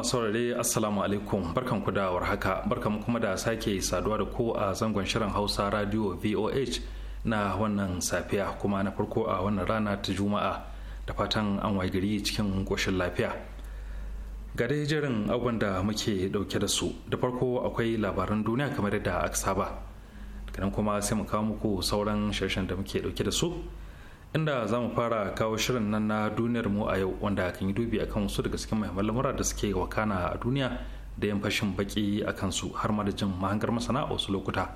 masu saurare assalamu alaikum barkan ku da warhaka barkan kuma da sake saduwa da ku a zangon shirin hausa radio voh na wannan safiya kuma na farko a wannan rana ta juma'a da fatan an gari cikin koshin lafiya ga dai jirin abubuwan da muke dauke da su da farko akwai labaran duniya kamar yadda aka saba daga kuma sai mu kawo muku sauran sharshen da muke dauke da su inda za mu fara kawo shirin nan na duniyar mu a yau wanda kan yi dubi akan wasu daga cikin muhimman lamura da suke wakana a duniya da yan fashin baki a kansu har ma da jin mahangar masana a wasu lokuta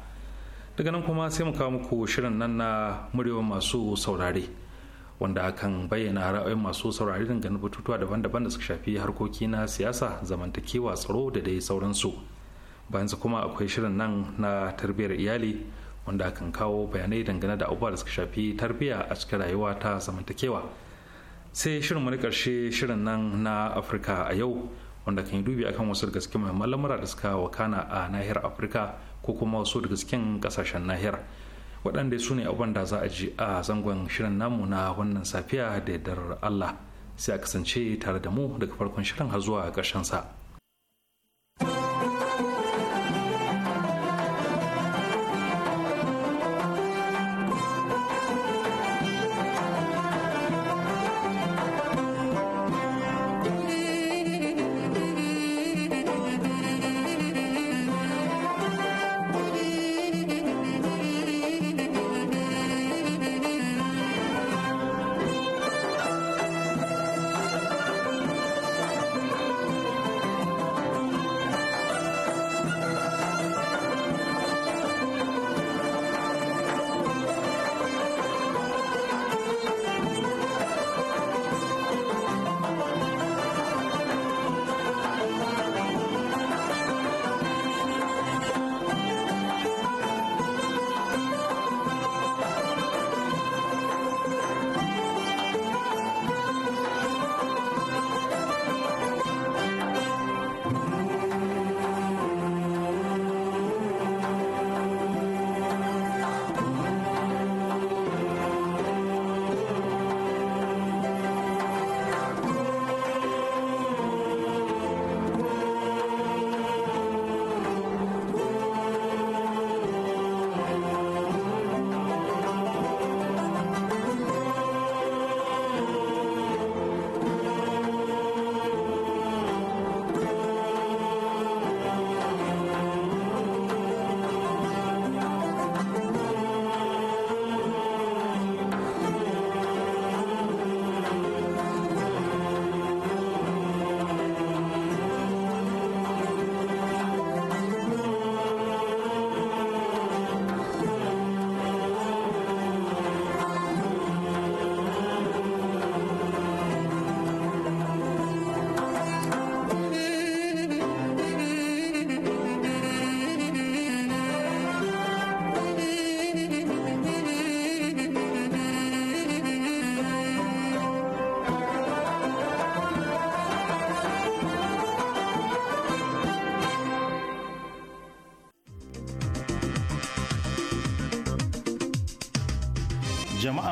daga nan kuma sai mu kawo muku shirin nan na muryoyin masu saurare wanda kan bayyana ra'ayoyin masu saurare dangane batutuwa daban-daban da suka shafi harkoki na siyasa zamantakewa tsaro da dai sauransu bayan kuma akwai shirin nan na tarbiyyar iyali wanda kan kawo bayanai dangane da abubuwa da suka shafi tarbiyya a cikin rayuwa ta zamantakewa sai shirin wani karshe shirin nan na afirka a yau wanda kan yi dubi akan wasu daga cikin muhimman lamura da suka wakana a nahiyar afirka ko kuma wasu daga cikin kasashen nahiyar waɗanda su ne abin da za a ji a zangon shirin namu na wannan safiya da yardar allah sai a kasance tare da mu daga farkon shirin har zuwa ƙarshen sa.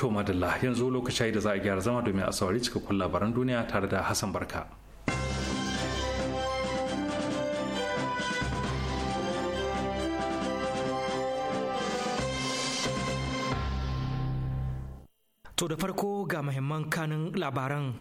to madalla yanzu lokaci da za a gyara zama domin a saurari cikakkun labaran duniya tare da hassan barka to da farko ga mahimman kanin labaran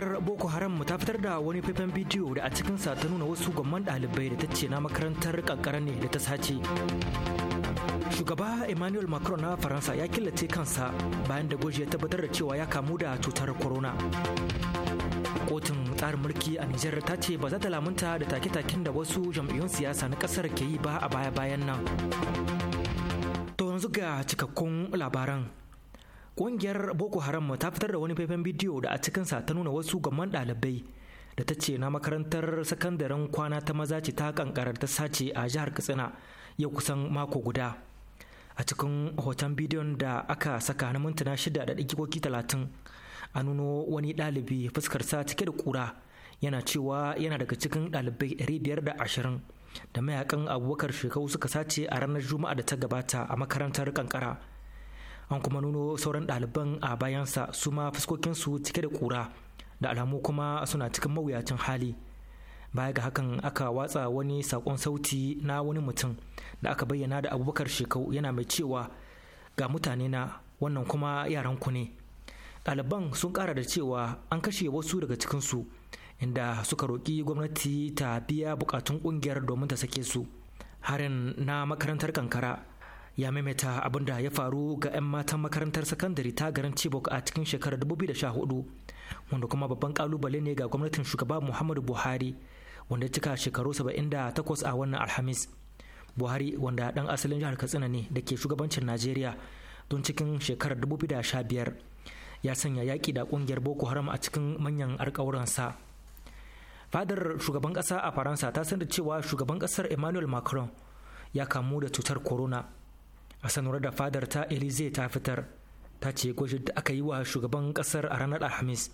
Ƙungiyar Boko Haram ta fitar da wani faifan bidiyo da a cikinsa ta nuna wasu gwamman ɗalibai da ta ce na makarantar kankara ne da ta sace. Shugaba Emmanuel Macron na Faransa ya killace kansa bayan da gwaji ya tabbatar da cewa ya kamu da cutar corona. Kotun tsarin mulki a Nijar ta ce ba za ta lamunta da take-taken da wasu jam'iyyun siyasa na kasar ke yi ba a baya-bayan nan. To yanzu ga cikakkun labaran. Ƙungiyar Boko Haram ta fitar da wani faifan bidiyo da a cikinsa ta nuna wasu gaman ɗalibai da ta ce na makarantar sakandaren kwana ta maza ce ta kankarar ta sace a jihar Katsina yau kusan mako guda. A cikin hoton bidiyon da aka saka na mintuna shida da ɗigikoki talatin a nuno wani ɗalibi fuskarsa cike da ƙura yana cewa yana daga cikin ɗalibai ɗari biyar da ashirin da mayakan abubakar shekau suka sace a ranar juma'a da ta gabata a makarantar kankara. an kuma nuno sauran ɗaliban a bayansa su ma fuskokinsu cike da ƙura da alamu kuma suna cikin mawuyacin hali baya ga hakan aka watsa wani saƙon sauti na wani mutum da aka bayyana da abubakar shekau yana mai cewa ga mutane na wannan kuma yaran ku ne ɗaliban sun ƙara da cewa an kashe wasu daga cikinsu inda suka roƙi gwamnati ta biya buƙatun ƙungiyar domin ta sake su harin na makarantar kankara ya maimaita abin da ya faru ga 'yan matan makarantar sakandare ta garin Chibok a cikin shekarar 2014 wanda kuma babban kalubale ne ga gwamnatin shugaba Muhammadu Buhari wanda ya cika shekaru 78 a wannan Alhamis. Buhari wanda dan asalin jihar Katsina ne da ke shugabancin Najeriya don cikin shekarar 2015 ya sanya yaƙi da ƙungiyar Boko Haram a cikin manyan alƙawuransa. Fadar shugaban ƙasa a Faransa ta sanar cewa shugaban ƙasar Emmanuel Macron ya kamu da cutar corona a sanarwar da fadar ta elize ta fitar ta ce gwajin da aka yi wa shugaban kasar a ranar alhamis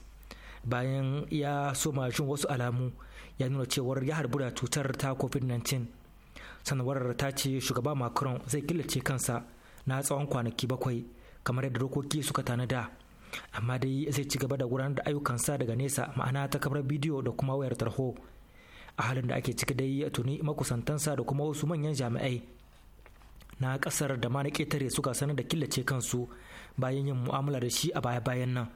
bayan ya so mashin wasu alamu ya nuna cewar ya harbu da cutar ta covid-19 sanarwar ta ce shugaba macron zai killace kansa na tsawon kwanaki bakwai kamar yadda dokoki suka tanada amma dai zai ci gaba da gudanar da ayyukansa daga nesa ma'ana ta kamar bidiyo da kuma wayar tarho a halin da ake ciki dai tuni makusantansa da kuma wasu manyan jami'ai na kasar da ma na ketare suka sanar da killace kansu bayan yin mu'amala da shi a baya-bayan nan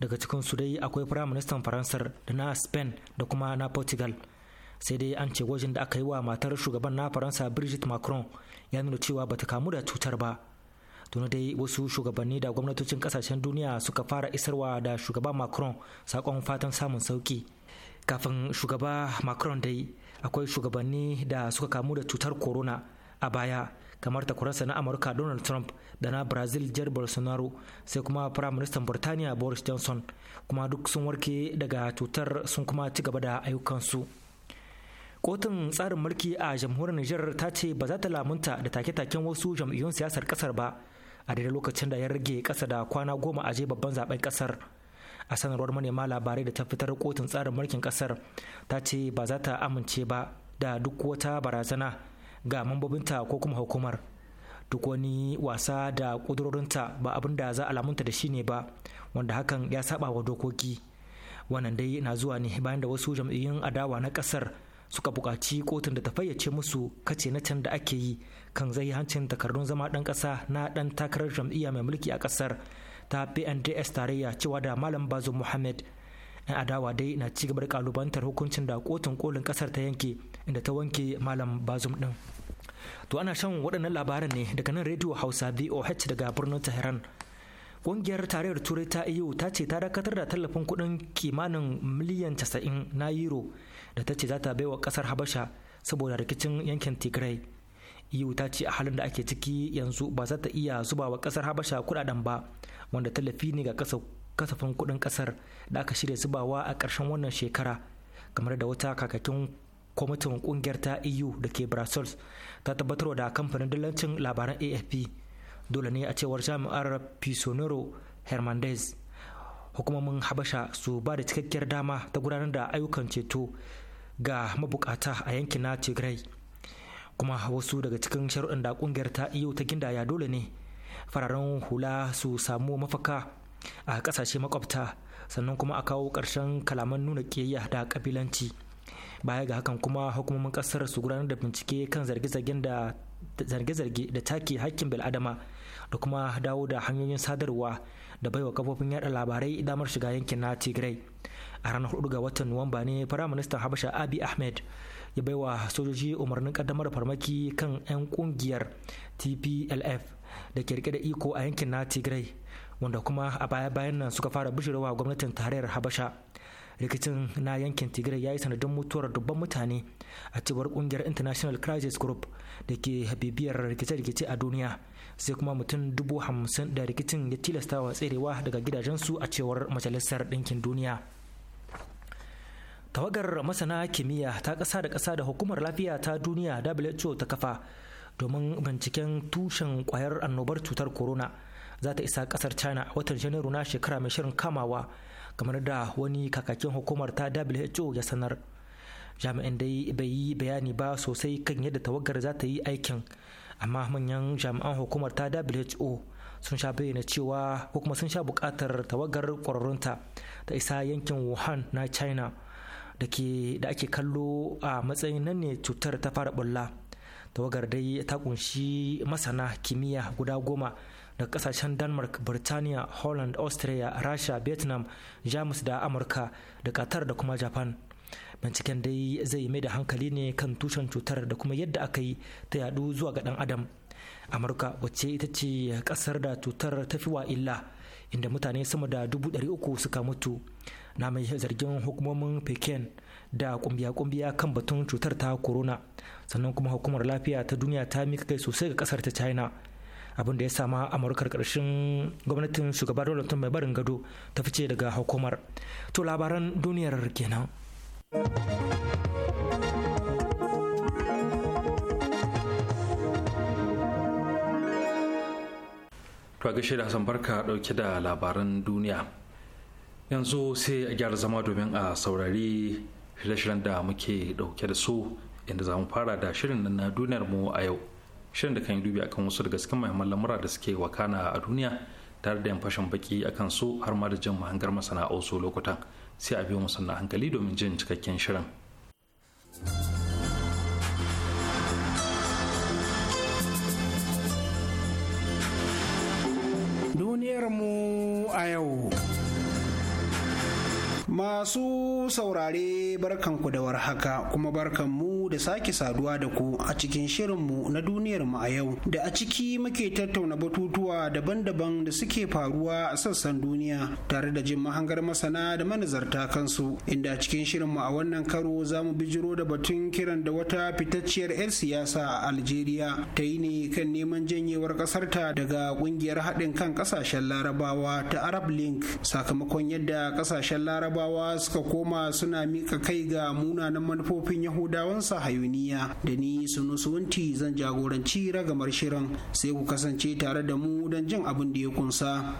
daga cikin su dai akwai firaministan faransar da na spain da kuma na portugal sai dai an ce gwajin da aka yi wa matar shugaban na faransa brigitte macron ya nuna cewa bata kamu da cutar ba tuni dai wasu shugabanni da gwamnatocin kasashen duniya suka fara isarwa da shugaba macron sakon fatan samun sauki kafin shugaba macron dai akwai shugabanni da suka kamu da cutar corona a baya kamar takwararsa na amurka donald trump da na brazil jar bolsonaro sai kuma firaministan burtaniya boris johnson kuma duk sun warke daga cutar sun kuma ci gaba da ayyukansu kotun tsarin mulki a jamhuriyar niger ta ce ba za ta lamunta da take-taken wasu jam'iyyun siyasar kasar ba a daidai lokacin da ya rage kasa da kwana goma a je babban zaben kasar a sanarwar manema labarai da ta fitar kotun tsarin mulkin kasar ta ce ba za ta amince ba da duk wata barazana ga mambobinta ko kuma hukumar duk wani wasa da kudurorinta ba abin da za a lamunta da shi ne ba wanda hakan ya saba wa dokoki wannan dai na zuwa ne bayan da wasu jam'iyyun adawa na kasar suka bukaci kotun da ta fayyace musu kace na can da ake yi kan zai hancin takardun zama ɗan ƙasa na ɗan takarar jam'iyya mai mulki a ƙasar ta pnds tarayya cewa da malam bazo muhammad yan adawa dai na ci gaba da kalubantar hukuncin da kotun kolin kasar ta yanke inda ta wanke malam bazum ɗin. To ana shan waɗannan labaran ne daga nan Radio Hausa VOH daga birnin Tehran. Ƙungiyar tarayyar Turai ta EU ta ce ta dakatar da tallafin kuɗin kimanin miliyan casa'in na euro da ta ce za ta baiwa ƙasar Habasha saboda rikicin yankin Tigray. EU ta ce a halin da ake ciki yanzu ba za ta iya zuba wa ƙasar Habasha kuɗaɗen ba wanda tallafi ne ga kasafin kuɗin ƙasar da aka shirya zubawa a ƙarshen wannan shekara kamar da wata kakakin kwamitin kungiyar ta eu da ke brussels ta tabbatarwa da kamfanin dillancin labaran afp dole ne a cewar jami'ar pisonero hernandez hukumomin habasha su ba da cikakkiyar dama ta gudanar da ayyukan ceto ga mabukata a yankin na tigray kuma wasu daga cikin sharuɗin da kungiyar ta EU ta gindaya dole ne fararen hula su samu mafaka a ƙasashe makwabta sannan kuma a kawo ƙarshen kalaman nuna ƙiyayya da ƙabilanci baya ga hakan kuma hukumomin kasar su gudanar da bincike kan zarge-zargen da zarge-zarge da take hakkin bil'adama da kuma dawo da hanyoyin sadarwa da baiwa kafofin yada labarai damar shiga yankin na tigray a ranar 4 ga watan nuwamba ne firaministan habasha abi ahmed ya baiwa sojoji umarnin kaddamar farmaki kan 'yan kungiyar tplf da ke rike da iko a yankin na tigray wanda kuma a baya-bayan nan suka fara bijirewa gwamnatin tarayyar habasha rikicin na yankin tigray ya yi sanadin mutuwar dubban mutane a cewar kungiyar international crisis group da ke habibiyar rikice-rikice a duniya sai kuma mutum dubu hamsin da rikicin ya tilasta wa tserewa daga gidajensu a cewar majalisar ɗinkin duniya tawagar masana kimiyya ta kasa da kasa da hukumar lafiya ta duniya who ta kafa domin binciken tushen kwayar annobar cutar corona za ta isa ƙasar china watan janairu na shekara mai shirin kamawa kamar da wani kakakin hukumar ta who ya sanar jami'an dai bai yi bayani ba sosai kan yadda tawagar za ta yi aikin amma manyan jami'an hukumar ta who sun sha bayyana cewa ko kuma sun sha buƙatar tawagar ƙwararrunta ta isa yankin wuhan na china da ake kallo a matsayin nan ne cutar ta fara bulla tawagar dai ta kunshi masana kimiyya guda goma daga kasashen denmark birtaniya holland austria rasha vietnam jamus da amurka da qatar da kuma japan binciken dai zai mai da hankali ne kan tushen cutar da kuma yadda aka yi ta yadu zuwa ga dan adam amurka wacce ita ce kasar da cutar ta fi wa illa inda mutane sama da dubu ɗari uku suka mutu na mai zargin hukumomin pekin da kumbiya-kumbiya kan batun cutar ta corona sannan kuma hukumar lafiya ta duniya ta mika kai sosai ga kasar ta china abin da ya sama amurkar karshen gwamnatin shugaba donald mai barin gado ta fice daga hukumar to labaran duniyar kenan to gaishe da hassan barka dauke da labaran duniya yanzu sai a gyara zama domin a saurari shirye-shiryen da muke dauke da su inda za mu fara da shirin na duniyar mu a yau shirin da kan yi dubi akan wasu daga cikin muhimman lamura da suke wakana a duniya tare da yin fashin baki akan su har ma da jin mahangar masana'o su lokutan sai a biyo musanna hankali domin jin cikakken shirin. Duniyarmu a yau. Masu saurare barkanku da warhaka kuma barkanmu da sake saduwa da ku a cikin shirinmu na duniyar mu a yau da a ciki muke tattauna batutuwa daban-daban da suke faruwa a sassan duniya tare da jin mahangar masana da manazarta kansu inda a cikin shirinmu a wannan karo za mu bijiro da batun kiran da wata fitacciyar 'yar siyasa a Algeria ta yi ne kan neman janyewar ƙasarta daga ƙungiyar haɗin kan ƙasashen Larabawa ta Arab Link sakamakon yadda ƙasashen Larabawa Yahudawa suka koma suna mika kai ga munanan manufofin yahudawan hayuniya da ni suwanti zan jagoranci ragamar shirin sai ku kasance tare da mu don jin abin da ya kunsa.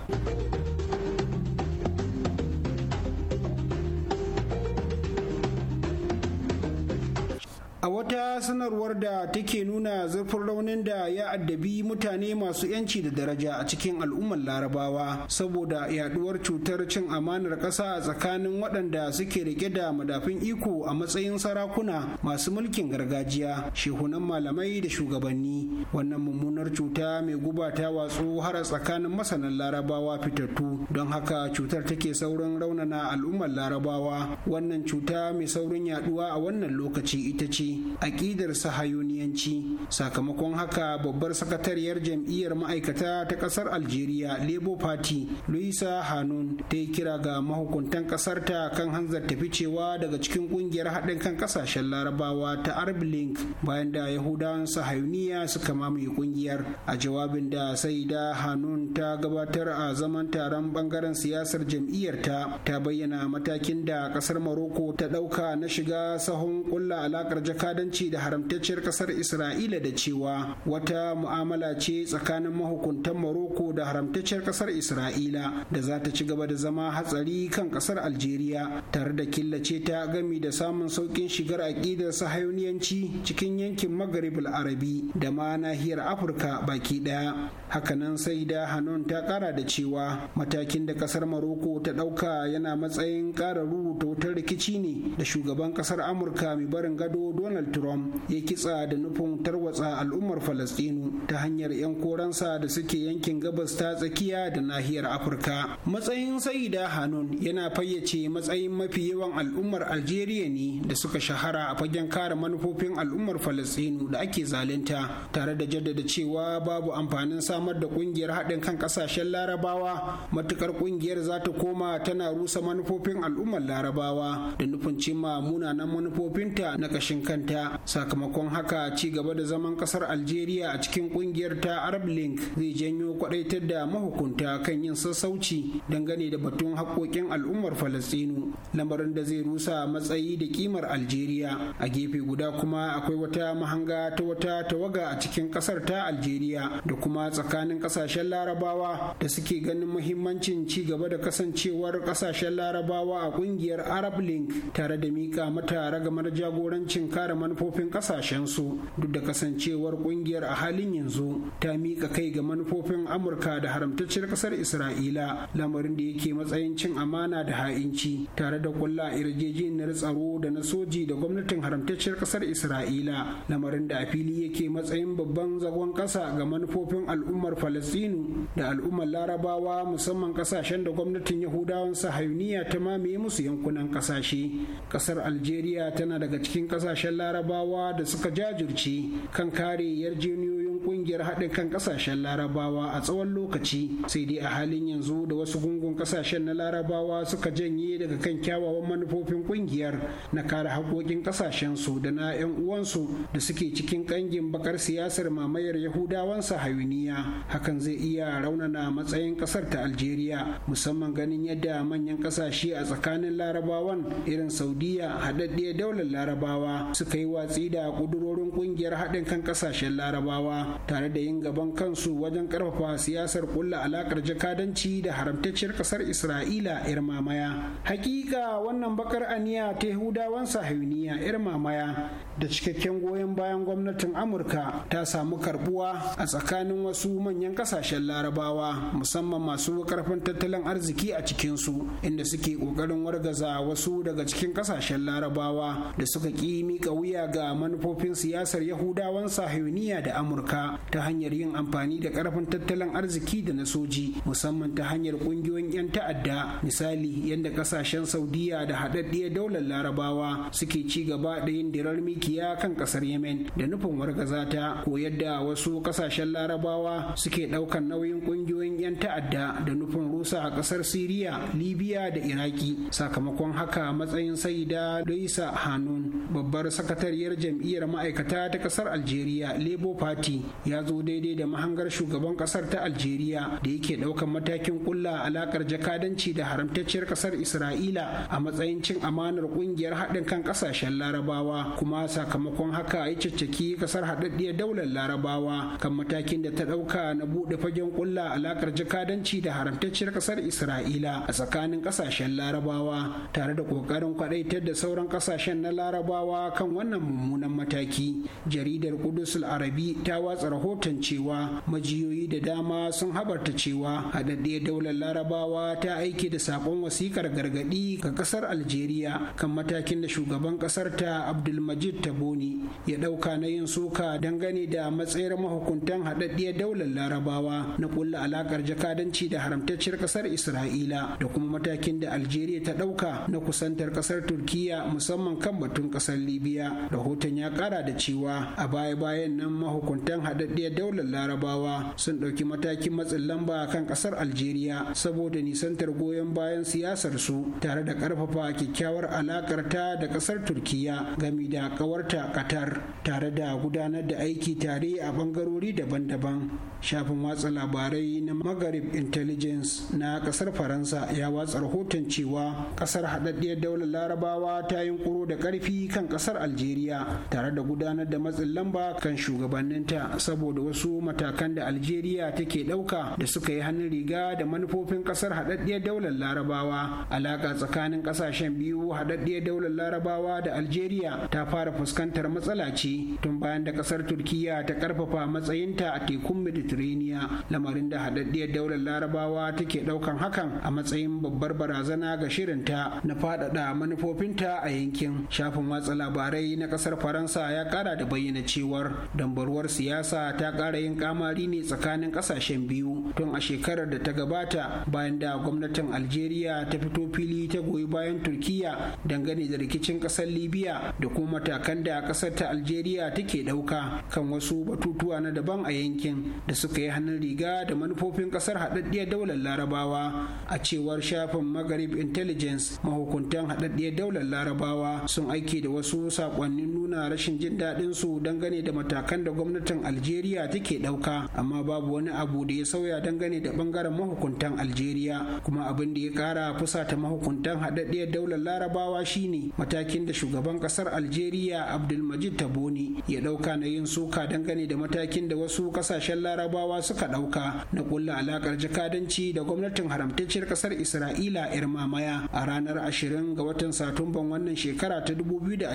a wata sanarwar da take nuna zurfin raunin da ya addabi mutane masu yanci da daraja a cikin al'ummar larabawa saboda yaduwar cutar cin amanar ƙasa a tsakanin waɗanda suke rike da madafin iko a matsayin sarakuna masu mulkin gargajiya shehunan malamai da shugabanni wannan mummunar cuta mai guba ta watsu har a tsakanin masanan larabawa fitattu don haka cutar take saurin raunana al'ummar larabawa wannan cuta mai saurin yaduwa a wannan lokaci ita ce soki aƙidar sahayuniyanci sakamakon haka babbar sakatariyar jam'iyyar ma'aikata ta ƙasar algeria labour party luisa hanun ta yi kira ga mahukuntan ƙasar ta kan hanzarta ficewa daga cikin ƙungiyar haɗin kan ƙasashen larabawa ta arab link bayan da Yahudan sahayuniya suka mamaye ƙungiyar a jawabin da saida hanun ta gabatar a zaman taron bangaren siyasar jam'iyyar ta ta bayyana matakin da ƙasar maroko ta ɗauka na shiga sahun ƙulla alaƙar jaka kadanci da haramtacciyar kasar isra'ila da cewa wata mu'amala ce tsakanin mahukuntan maroko da haramtacciyar kasar isra'ila da za ta ci gaba da zama hatsari kan kasar algeria tare da killace ta gami da samun sauƙin shigar aƙidar sahayuniyanci cikin yankin maghrib arabi da ma nahiyar afirka baki ɗaya hakanan sai da hanon ta ƙara da cewa matakin da kasar maroko ta ɗauka yana matsayin ƙara rubuta wutar rikici ne da shugaban kasar amurka mai barin gado donald donald trump ya kitsa da nufin tarwatsa al'ummar falastinu ta hanyar 'yan koransa da suke yankin gabas ta tsakiya da nahiyar afirka matsayin sayida hanun yana fayyace matsayin mafi yawan al'ummar algeria ne da suka shahara a fagen kare manufofin al'ummar falastinu da ake zalunta tare da jaddada cewa babu amfanin samar da kungiyar haɗin kan ƙasashen larabawa matukar kungiyar za ta koma tana rusa manufofin al'ummar larabawa da nufin cimma munanan manufofinta na ƙashin kai kanta sakamakon haka ci gaba da zaman kasar algeria a cikin kungiyar ta arab link zai janyo kwadaitar da mahukunta kan yin sassauci dangane da batun haƙoƙin al'ummar falastinu lamarin da zai rusa matsayi da kimar algeria a gefe guda kuma akwai wata mahanga ta wata tawaga a cikin kasar ta algeria da kuma tsakanin kasashen larabawa da suke ganin muhimmancin ci gaba da kasancewar kasashen larabawa a kungiyar arab link tare da mika mata ragamar jagorancin kare kare manufofin kasashensu duk da kasancewar kungiyar a halin yanzu ta miƙa kai ga manufofin amurka da haramtacciyar ƙasar isra'ila lamarin da yake matsayin cin amana da ha'inci tare da kulla yarjejeniyar tsaro da na soji da gwamnatin haramtacciyar ƙasar isra'ila lamarin da a fili yake matsayin babban zagon ƙasa ga manufofin al'ummar falastinu da al'ummar larabawa musamman ƙasashen da gwamnatin yahudawan sahayuniya ta mamaye musu yankunan ƙasashe ƙasar algeria tana daga cikin kasashen larabawa da suka jajirce kan kare yarjejeniyoyi kungiyar haɗin kan ƙasashen larabawa a tsawon lokaci sai dai a halin yanzu da wasu gungun ƙasashen na larabawa suka janye daga kan kyawawan manufofin kungiyar na kare haƙoƙin ƙasashen su da na 'yan uwansu da suke cikin ƙangin bakar siyasar mamayar yahudawan sahayuniya hakan zai iya raunana matsayin ƙasar ta Aljeriya, musamman ganin yadda manyan ƙasashe a tsakanin larabawan irin saudiya haɗaɗɗiyar daular larabawa suka yi watsi da ƙudurorin ƙungiyar haɗin kan ƙasashen larabawa tare da yin gaban kansu wajen karfafa siyasar kulla alakar jakadanci da haramtacciyar kasar isra'ila yar mamaya hakika wannan bakar aniya ta yahudawan sahiyuniya yar mamaya da cikakken goyon bayan gwamnatin amurka ta samu karbuwa a tsakanin wasu manyan kasashen larabawa musamman masu karfin tattalin arziki a cikinsu inda suke kokarin wargaza wasu daga cikin kasashen larabawa da suka ƙi miƙa wuya ga manufofin siyasar yahudawan sahiyuniya da amurka ta hanyar yin amfani da karfin tattalin arziki da na soji musamman ta hanyar kungiyoyin 'yan ta'adda misali yadda kasashen saudiya da haɗaɗɗiyar daular larabawa suke ci gaba da yin dirar mikiya kan ƙasar yemen da nufin wargaza ta ko yadda wasu kasashen larabawa suke ɗaukan nauyin kungiyoyin 'yan ta'adda da nufin rusa a ƙasar siriya libya da iraki sakamakon haka matsayin saida laisa hanun babbar sakatariyar jam'iyyar ma'aikata ta ƙasar algeria labour party ya zo daidai da mahangar shugaban kasar ta Aljeriya da yake daukan matakin kulla alakar jakadanci da haramtacciyar kasar isra'ila a matsayin cin amanar kungiyar haɗin kan kasashen larabawa kuma sakamakon haka ya caccaki kasar haɗaɗɗiyar daular larabawa kan matakin da ta ɗauka na buɗe fagen kulla alakar jakadanci da haramtacciyar kasar isra'ila a tsakanin kasashen larabawa tare da ƙoƙarin kwaɗaitar da sauran kasashen na larabawa kan wannan mummunan mataki jaridar al arabi ta watsa watsa rahoton cewa majiyoyi da dama sun habarta cewa haɗaɗɗiyar daular larabawa ta aiki da saƙon wasikar gargaɗi ga ƙasar Aljeriya kan matakin da shugaban ƙasar ta abdulmajid taboni ya ɗauka na yin suka dangane da matsayar mahukuntan haɗaɗɗiyar daular larabawa na ƙulla alaƙar jakadanci da haramtacciyar ƙasar isra'ila da kuma matakin da Aljeriya ta ɗauka na kusantar ƙasar turkiya musamman kan batun ƙasar libya rahoton ya ƙara da cewa a baya-bayan nan mahukuntan haɗaɗɗiyar daular larabawa sun ɗauki matakin matsin lamba kan ƙasar algeria saboda nisantar goyon bayan siyasar su tare da ƙarfafa kyakkyawar alaƙar ta da ƙasar turkiya gami da ƙawarta qatar tare da gudanar da aiki tare a ɓangarori daban-daban shafin watsa labarai na magharib intelligence na ƙasar faransa ya watsa rahoton cewa ƙasar haɗaɗɗiyar daular larabawa ta yunkuro da ƙarfi kan ƙasar algeria tare da gudanar da matsin lamba kan shugabanninta saboda wasu matakan da algeria take ɗauka da suka yi hannun riga da manufofin ƙasar haɗaɗɗiyar daular larabawa alaƙa tsakanin ƙasashen biyu haɗaɗɗiyar daular larabawa da algeria ta fara fuskantar matsala ce tun bayan da ƙasar turkiya ta ƙarfafa matsayinta a tekun mediterania lamarin da haɗaɗɗiyar daular larabawa take ɗaukan hakan a matsayin babbar barazana ga shirinta na faɗaɗa manufofinta a yankin shafin watsa labarai na ƙasar faransa ya ƙara da bayyana cewar dambarwar siyasa ƙasa ta ƙara yin kamari ne tsakanin ƙasashen biyu tun a shekarar da ta gabata bayan da gwamnatin algeria ta fito fili ta goyi bayan turkiya dangane da rikicin ƙasar libya da kuma matakan da ƙasar ta algeria take ɗauka kan wasu batutuwa na daban a yankin da suka yi hannun riga da manufofin ƙasar haɗaɗɗiyar daular larabawa a cewar shafin maghrib intelligence mahukuntan haɗaɗɗiyar daular larabawa sun aiki da wasu saƙonnin nuna rashin jin daɗinsu dangane da matakan da gwamnatin algeria algeria take ɗauka amma babu wani abu da ya sauya dangane da bangaren mahukuntan algeria kuma abin da ya kara fusata mahukuntan haɗaɗɗiyar daular larabawa shine matakin da shugaban ƙasar algeria abdulmajid taboni ya ɗauka na yin suka dangane da matakin da wasu ƙasashen larabawa suka ɗauka na ƙulla alaƙar jakadanci da gwamnatin haramtacciyar ƙasar isra'ila yar mamaya a ranar 20 ga watan satumban wannan shekara ta 2020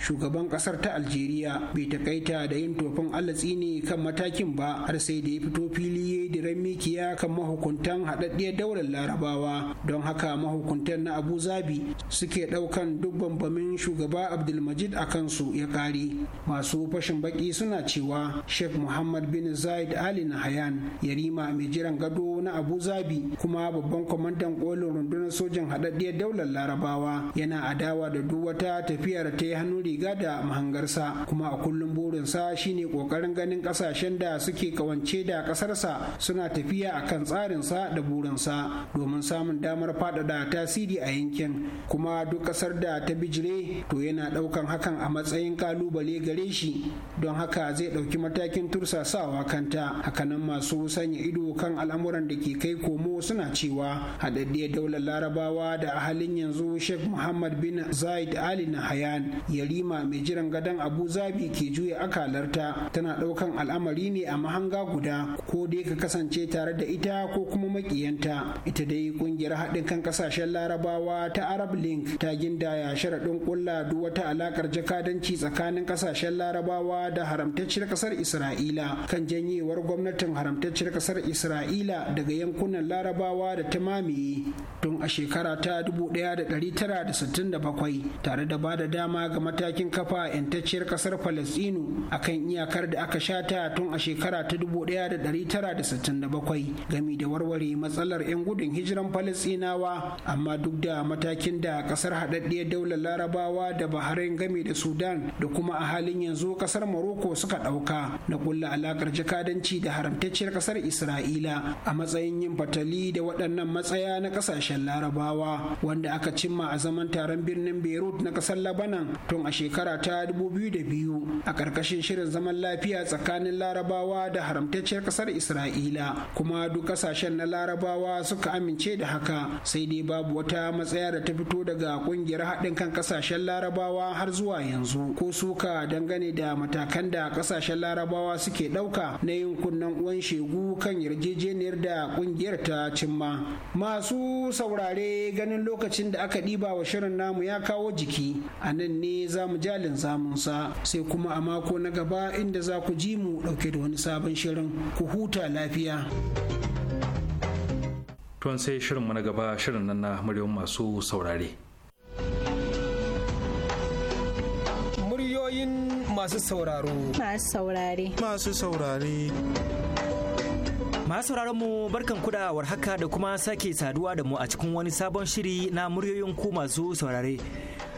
shugaban ƙasar ta algeria bai takaita da yin tofin allah ne kan matakin ba har sai da ya fito fili ya yi mikiya kan mahukuntan haɗaɗɗiyar daular larabawa don haka mahukuntan na abu zabi suke ɗaukan duk bambamin shugaba abdulmajid a kansu ya ƙare masu fashin baki suna cewa sheikh muhammad bin zaid ali nahayan yarima mai jiran gado na abu zabi kuma babban kwamandan kolin rundunar sojan haɗaɗɗiyar daular larabawa yana adawa da duk wata tafiyar ta yi hannu riga da mahangarsa kuma a kullum burinsa shine ƙoƙarin ƙoƙarin ganin kasashen da suke kawance da ƙasarsa, suna tafiya a kan tsarinsa da burinsa domin samun damar faɗaɗa tasiri a yankin kuma duk ƙasar da ta bijire to yana ɗaukan hakan a matsayin ƙalubale gare shi don haka zai ɗauki matakin tursasawa kanta hakanan masu sanya ido kan al'amuran da ke kai komo suna cewa haɗaɗɗiyar daular larabawa da a halin yanzu sheikh muhammad bin zaid ali nahayan yarima mai jiran gadon abu zabi ke juya akalarta tana tana ɗaukan al'amari ne a mahanga guda ko dai ka kasance tare da ita ko kuma makiyanta ita dai kungiyar haɗin kan ƙasashen larabawa ta arab link ta gindaya sharaɗin ƙulla duk wata alaƙar jakadanci tsakanin ƙasashen larabawa da haramtacciyar ƙasar isra'ila kan janyewar gwamnatin haramtacciyar ƙasar isra'ila daga yankunan larabawa da ta mamaye tun a shekara ta 1967 tare da ba da dama ga matakin kafa 'yantacciyar ƙasar palestinu akan iyakar da aka sha ta tun a shekara ta 1967 gami da warware matsalar 'yan gudun hijiran falisinawa amma duk da matakin da kasar haɗaɗɗiyar daular larabawa da bahrain game da sudan da kuma a halin yanzu kasar maroko suka ɗauka na kulla alakar jakadanci da haramtacciyar kasar isra'ila a matsayin yin fatali da waɗannan matsaya na ƙasashen larabawa wanda aka cimma a zaman taron birnin beirut na ƙasar labanan tun a shekara ta 2002 a ƙarƙashin shirin zaman lafiya a tsakanin larabawa da haramtacciyar kasar isra'ila kuma duk kasashen na larabawa suka amince da haka sai dai babu wata matsaya da ta fito daga kungiyar haɗin kan kasashen larabawa har zuwa yanzu ko suka dangane da matakan da kasashen larabawa suke ɗauka na yin kunnen uwan shegu kan yarjejeniyar da kungiyar ta cimma masu saurare ganin lokacin da aka ɗiba wa shirin namu ya kawo jiki a nan ne zamu jalin zamunsa sai kuma a mako na gaba inda za ku ji mu ɗauke da wani sabon shirin ku huta lafiya. Tuwan sai shirin mana gaba shirin nan na muryoyin masu saurare. Muryoyin masu sauraro. Masu saurare. Masu saurare. Masu sauraron mu barkan kuda warhaka da kuma sake saduwa da mu a cikin wani sabon shiri na muryoyin ku masu saurare.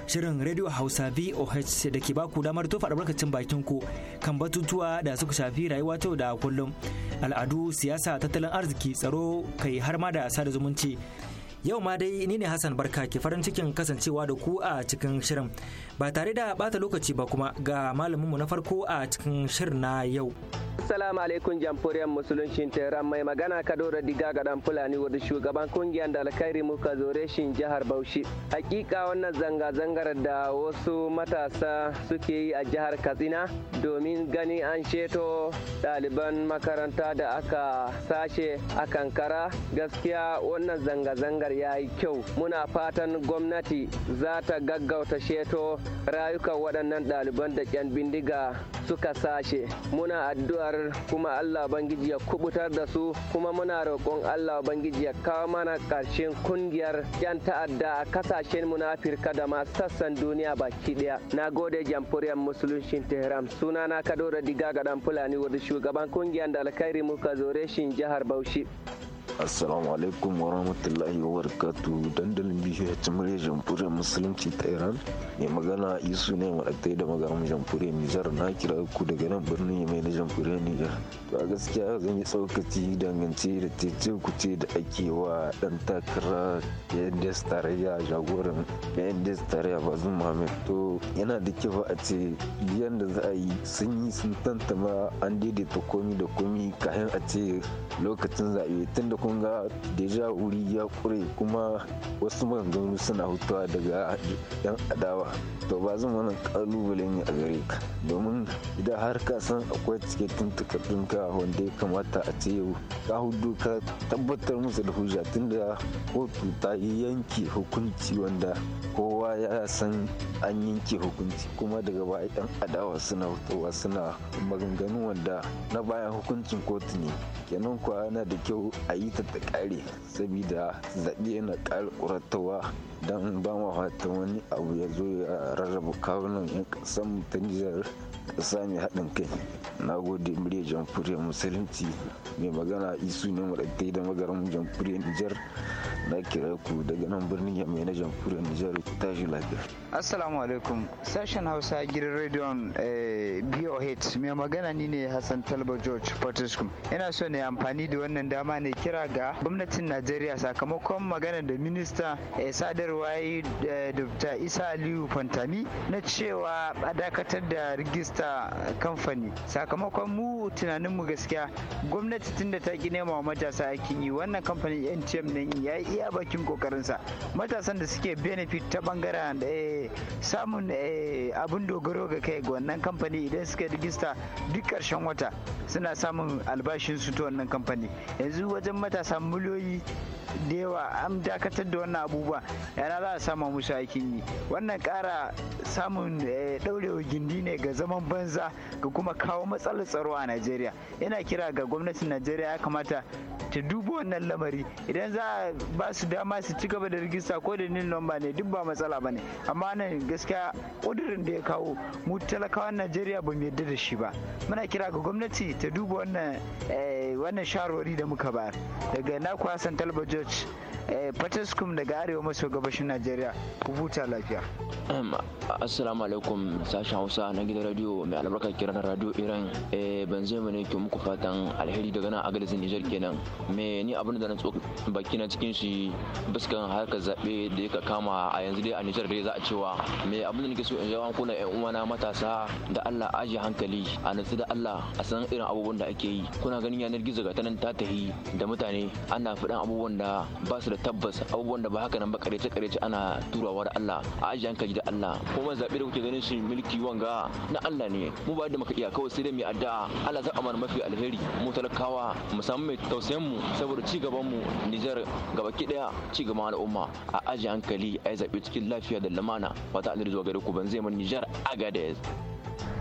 shirin Radio Hausa VOH da ke baku damar tofa albarkacin bakin ku kan batutuwa da suka shafi rayuwa ta da kullum, al'adu, siyasa, tattalin arziki, tsaro, kai har ma da sada zumunci. Yau ma dai ni ne Hassan Barka ke farin cikin kasancewa da ku a cikin shirin. Ba tare da bata lokaci ba kuma ga malaminmu na farko a cikin shirin na yau. Assalamu alaikum jamhuriyar musuluncin Tehran mai magana da Diga ga dan Fulani wadda shugaban kungiyar da alkhairi muka zore shin jihar Bauchi. Hakika wannan zanga-zangar da wasu matasa suke yi a jihar Katsina domin gani an sheto ɗaliban makaranta da aka sashe a kankara gaskiya wannan zanga-zangar ya yi kyau muna fatan gwamnati za ta gaggauta sheto rayukan waɗannan ɗaliban da ƙyan bindiga suka sashe muna addu'ar kuma allah bangiji ya kubutar da su kuma muna roƙon allah bangiji ya kawo mana ƙarshen kungiyar yan ta'adda a ƙasashen mu afirka da ma sassan duniya baki ɗaya na gode jamhuriyar musuluncin tehran suna na kadoro diga gadan fulani wadda shugaban ƙungiyar da alkhairi muka zore shin jihar bauchi assalamu alaikum wa rahmatullahi wa barakatu dandalin bihiyar jamhuriyar musulunci ta iran mai magana isu ne maɗaktai da magaram jamhuriyar nijar na kira ku daga nan birnin mai na jamhuriyar nijar to a gaskiya zan yi tsaukaci dangance da tece ce da ake wa dan takara yadda tarayya jagoran yadda tarayya bazin Mohamed to yana da kyau a ce biyan da za a yi sun yi sun tantama an daidaita komi da komi kafin a ce lokacin zaɓe tun da kun ga deja wuri ya kure kuma wasu maganganu suna hutawa daga yan adawa to ba zan wani kalubale ne a gare ka domin idan har ka san akwai cikakken ka wanda ya kamata a ce yau ka hudu ka tabbatar musu da hujja tunda kotu ta yi yanke hukunci wanda kowa ya san an yanke hukunci kuma daga baya yan adawa suna hutawa suna maganganu wanda na bayan hukuncin kotu ne kenan kuwa yana da kyau a yi ta ta kare saboda zaɓe yana ƙara ƙuratawa don ba ma fata wani abu ya zo ya rarraba kawunan 'yan ƙasan ta nijar ƙasa mai haɗin kai na gode murya jamhuriyar musulunci mai magana isu ne maɗaɗai da magaran jamhuriyar nijar na kira ku daga nan birnin yamai na jamhuriyar nijar tashi lafiya assalamu alaikum sashen hausa gidan rediyon boh eh, mai magana ni ne hassan talba george Potiskum. ina so ne amfani da wannan dama ne kira ga gwamnatin najeriya sakamakon magana da minista eh, sadarwa eh, dr isa aliyu fantami na cewa a dakatar da rigista star kamfani sakamakon mu tunaninmu gaskiya gwamnati tun da ta ki nema matasa aikin yi wannan kamfanin ntm nan ya yi iya bakin kokarinsa matasan da suke benefit ta bangaren eh, samun eh, abun dogaro ga kai ga wannan kamfani idan suka rigista duk karshen wata suna samun albashin su ta wannan kamfani yanzu wajen matasa miliyoyi da yawa an dakatar da wannan abubuwa yana za a sama musu aikin yi wannan kara samun daurewa eh, gindi ne ga zaman banza ga kuma kawo matsalar tsaro a najeriya yana kira ga gwamnatin najeriya ya kamata ta duba wannan lamari idan za a ba su dama su ci gaba da rigista ko da nil nomba ne duk ba matsala ba ne amma nan gaskiya ƙudurin da ya kawo mu talakawan najeriya ba mu yadda da shi ba muna kira ga gwamnati ta duba wannan eh, wannan shawarwari da muka bayar daga naku hassan talbaji Dutch fataskum eh, daga arewa maso gabashin najeriya ku huta lafiya assalamu alaikum sashen hausa na gidan radio mai albarka kiran radio iran eh, ban zai ne ke muku fatan alheri daga nan agadisin nijar kenan me ni abin da na tsoka baki na cikin shi biskan harkar zaɓe da ya kama a yanzu dai a nijar dai za a cewa me abin da nake so in jawo kuna yan uwana matasa da allah ajiye hankali a nasu da allah a san irin abubuwan da ake yi kuna ganin yanar gizo ga tanan ta tahi da mutane ana faɗin abubuwan da ba su da tabbas abubuwan da ba haka nan ba karece karece ana turawa da Allah a ajiye hankali da Allah ko ban zabe da kuke ganin shi mulki wanga na Allah ne mu ba da muka iya kawai sai da mu addu'a Allah zai amana mafi alheri mu talakawa mu samu mai tausayin mu saboda ci gaban mu Nijar gabaki daya ci gaban al'umma a ajiye hankali a yi zabe cikin lafiya da lamana wata ta alheri zuwa gare ku ban zai mun Nijar Agadez.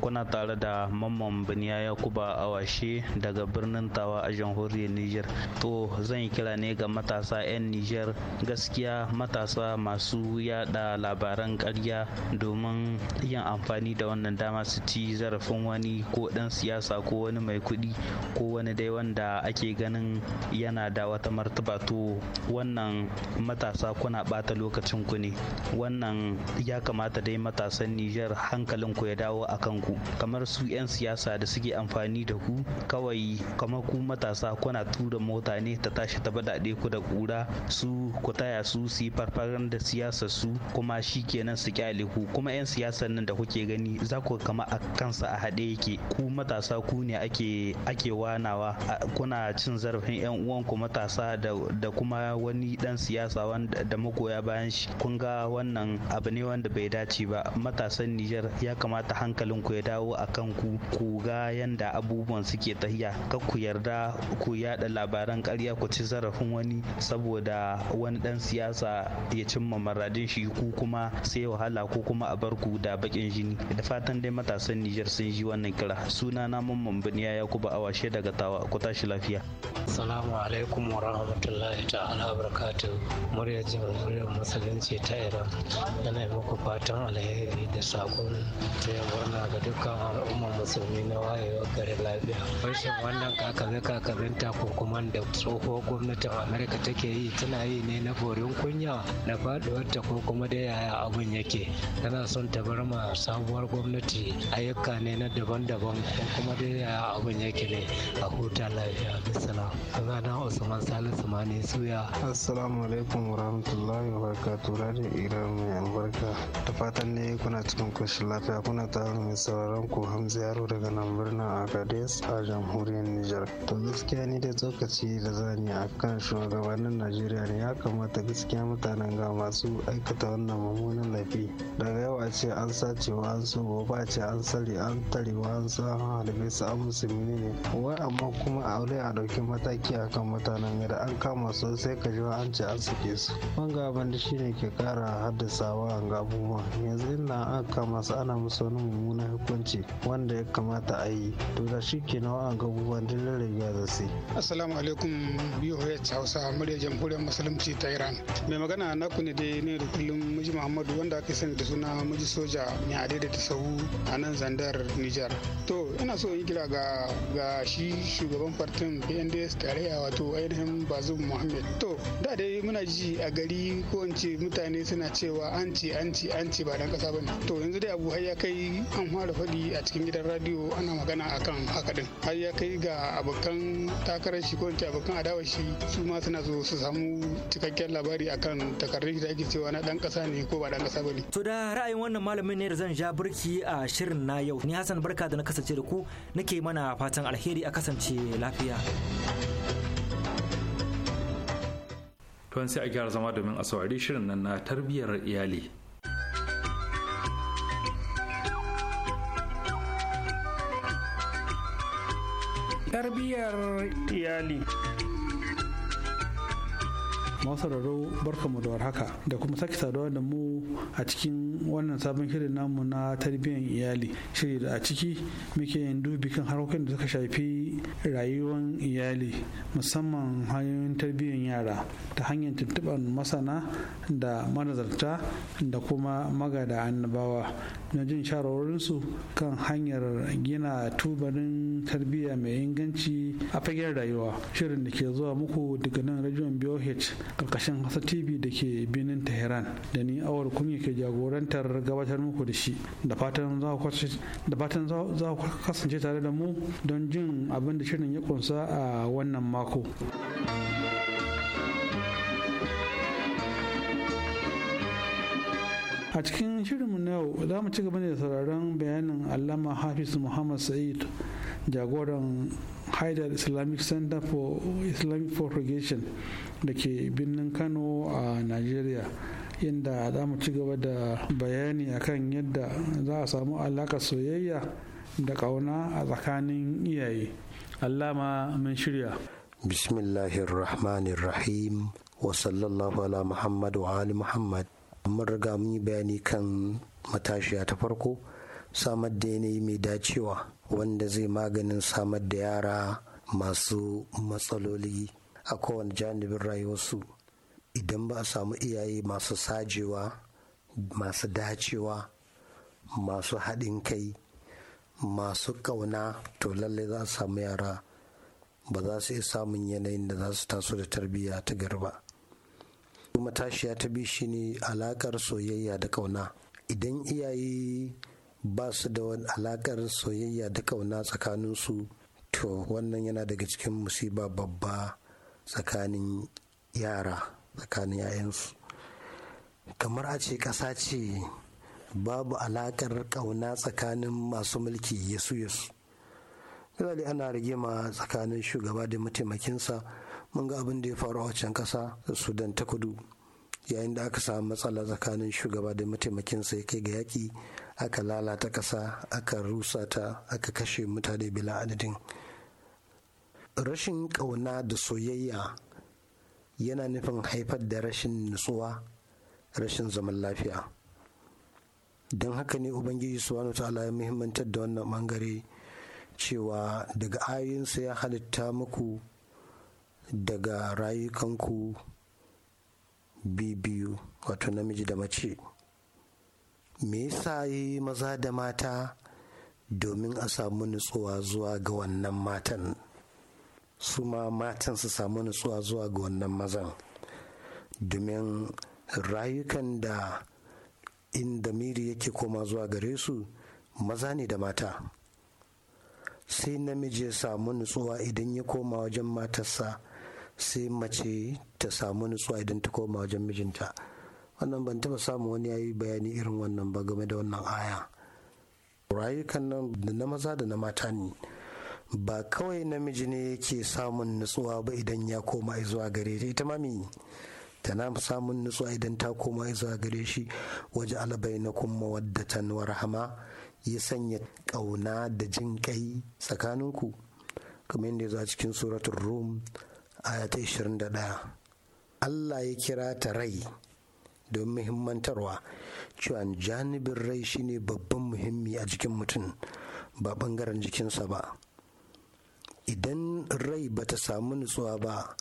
kuna tare da mamman biniya yakuba awashe daga birnin tawa a jamhuriyar niger to zan yi kira ne ga matasa 'yan niger gaskiya matasa masu yada labaran karya domin yin amfani da wannan dama su ci zarafin wani ko dan siyasa ko wani mai kuɗi ko wani dai wanda ake ganin yana da wata martaba to wannan matasa kuna bata lokacin ku ne wannan ya kamata dai matasan niger hankalin ku ya dawo a kanku kamar su 'yan siyasa da suke amfani da ku kawai kamar ku matasa kuna tura mota ne ta tashi ta badaɗe ku da ƙura su ku taya su su yi farfaran da siyasa su kuma shi kenan su kyale ku kuma 'yan siyasar nan da kuke gani za ku kama a kansa a haɗe yake ku matasa ku ne ake ake wanawa kuna cin zarafin 'yan uwanku matasa da kuma wani ɗan siyasa wanda da magoya bayan shi kun ga wannan abu ne wanda bai dace ba matasan Nijar ya kamata hankali hankalinku ya dawo a kan ku ku ga yanda abubuwan suke tahiya kar ku yarda ku yada labaran karya ku ci zarafin wani saboda wani dan siyasa ya cimma maradin shi ku kuma sai wahala ko kuma a bar ku da bakin jini da fatan dai matasan Nijar sun ji wannan kira suna na mamman biniya yakuba awashe daga tawa ku tashi lafiya assalamu alaikum wa rahmatullahi ta'ala wa barakatuh muryar jamhuriyar musulunci ta Iran yana muku fatan alheri da sakon tayar murna ga dukkan al'ummar musulmi na wayewar garin lafiya rashin wannan kakabe kakaben takunkuman da tsohuwar gwamnatin amurka take yi tana yi ne na borin kunya na faduwar ta ko kuma da yaya abun yake tana son ta bar ma sabuwar gwamnati ayyuka ne na daban-daban ko kuma da yaya abun yake ne a huta lafiya bisalam sunana usman salisu mani suya assalamu alaikum wa wabarakatuh radio iran mai albarka ta fatan ne kuna cikin koshin lafiya kuna tare mai sauraron ku hamza yaro daga nan birnin agades a jamhuriyar nijar to gaskiya ni dai tsokaci da zani a kan shugabannin najeriya ne ya kamata gaskiya mutanen ga masu aikata wannan mummunan laifi daga yau a ce an sacewa an so gobe a ce an sare an tarewa an sa halibai su an musulmi ne wai amma kuma a aure a ɗauki mataki a kan mutanen gada an kama su sai ka ji an ce an sake su wanga abin da shine ke kara haddasawa ga abubuwa yanzu ina an kama su ana musu wani mummunan na hukunci wanda ya kamata a yi to da shi ke nawa an gabubuwan da rarrabiya za Assalamu alaikum BOH Hausa murya jamhuriyar musulunci ta Iran. Mai magana na ku ne dai ne da kullum Miji Muhammadu wanda aka sani da suna Miji Soja ne a da tasawu a nan Zandar Nijar. To ina so yi kira ga shi shugaban fartin PNDS tarayya wato ainihin Bazum Muhammad. To da dai muna ji a gari ko in ce mutane suna cewa an ce an ce an ce ba dan kasa bane. To yanzu dai abu har ya kai an fara faɗi a cikin gidan radiyo ana magana akan haka din har ya kai ga abokan takarar shi ko abokan adawar shi su ma suna so su samu cikakken labari akan takardun da ake cewa na dan kasa ne ko ba dan kasa ne. to da ra'ayin wannan malamin ne da zan ja burki a shirin na yau ni Hassan barka da na kasance da ku nake mana fatan alheri a kasance lafiya to sai a gyara zama domin a saurari shirin nan na tarbiyyar iyali tarbiyyar iyali masu Rau, barkamu da warhaka da kuma sake saduwa da mu a cikin wannan sabon shirin namu na tarbiyyar iyali shiri da a ciki muke yin dubi kan harkokin da suka shafi rayuwar iyali musamman hanyoyin tarbiyyar yara ta hanyar tuntuɓar masana da manazarta da kuma magada annabawa na jin shawarwarinsu kan hanyar gina tubarin tarbiyya mai inganci a fagen rayuwa shirin da ke zuwa muku daga nan rajon BOH ƙarƙashin hasa tv da ke birnin tehran da ni awar kunya ke jagorantar gabatar muku da shi da fatan za ku kasance tare da mu don jin abin da shirin ya kunsa a wannan mako. a cikin shirinmu na yau za mu ci gaba da sauraron bayanin allama hafiz muhammad sa'id jagoran haidar islamic center for islamic propagation da ke birnin kano a Najeriya, inda za mu ci gaba da bayani akan yadda za a samu alaka soyayya da ƙauna a tsakanin iyaye allama mun shirya bismillahirrahmanirrahim wa sallallahu ala muhammad wa ali muhammad mun riga mun yi bayani kan matashiya ta farko samar da yanayi mai dacewa wanda zai maganin samar da yara masu matsaloli a kowane janibin rayuwarsu idan ba a samu iyaye masu sajewa masu dacewa masu haɗin kai masu ƙauna to lallai za su samu yara ba za su iya samun yanayin da za su taso da tarbiyya ta garba matashiya ta bi shine alaƙar soyayya da ƙauna idan iyaye ba su da wani alakar soyayya da kauna tsakaninsu to wannan yana daga cikin musiba babba tsakanin yara tsakanin 'ya'yansu kamar a ce ƙasa ce babu alakar ƙauna tsakanin masu mulki yesu yesu misali ana rigima tsakanin shugaba da mataimakinsa mun ga abin da ya faru a wancan ƙasa sudan ta kudu yayin da aka samu matsala tsakanin shugaba da mataimakinsa ya kai ga yaƙi aka lalata ƙasa aka rusa ta aka kashe mutane bila adadin rashin ƙauna da soyayya yana nufin haifar da rashin nutsuwa rashin zaman lafiya don haka ne ubangiji subhanahu ta'ala ya muhimmantar da wannan bangare cewa daga ayoyinsa ya halitta muku daga rayukanku bibiyu wato namiji da mace me yasa yi maza da mata domin a samu nutsuwa zuwa ga wannan matan su ma matan su samu nutsuwa zuwa ga wannan mazan domin rayukan da inda miri yake koma zuwa gare su maza ne da mata sai namiji ya samu nutsuwa idan ya koma wajen matarsa sai mace ta samu nutsuwa idan ta koma wajen mijinta wannan ban taba samun wani yayi bayani irin wannan ba game da wannan aya rayukan nan da na maza da na mata ne ba kawai namiji ne yake samun nutsuwa ba idan ya koma zuwa gare ta ita mami tana samun nutsuwa idan ta koma zuwa gare shi waje alabai na kuma waddatan warhama ya sanya ƙauna da jin ƙai tsakaninku kamar yadda ya cikin suratun rum aya ta 21 Allah ya kira ta rai don muhimmantarwa cewa janibin rai shine babban muhimmi a jikin mutum ba bangaren jikinsa ba idan rai bata samu nutsuwa ba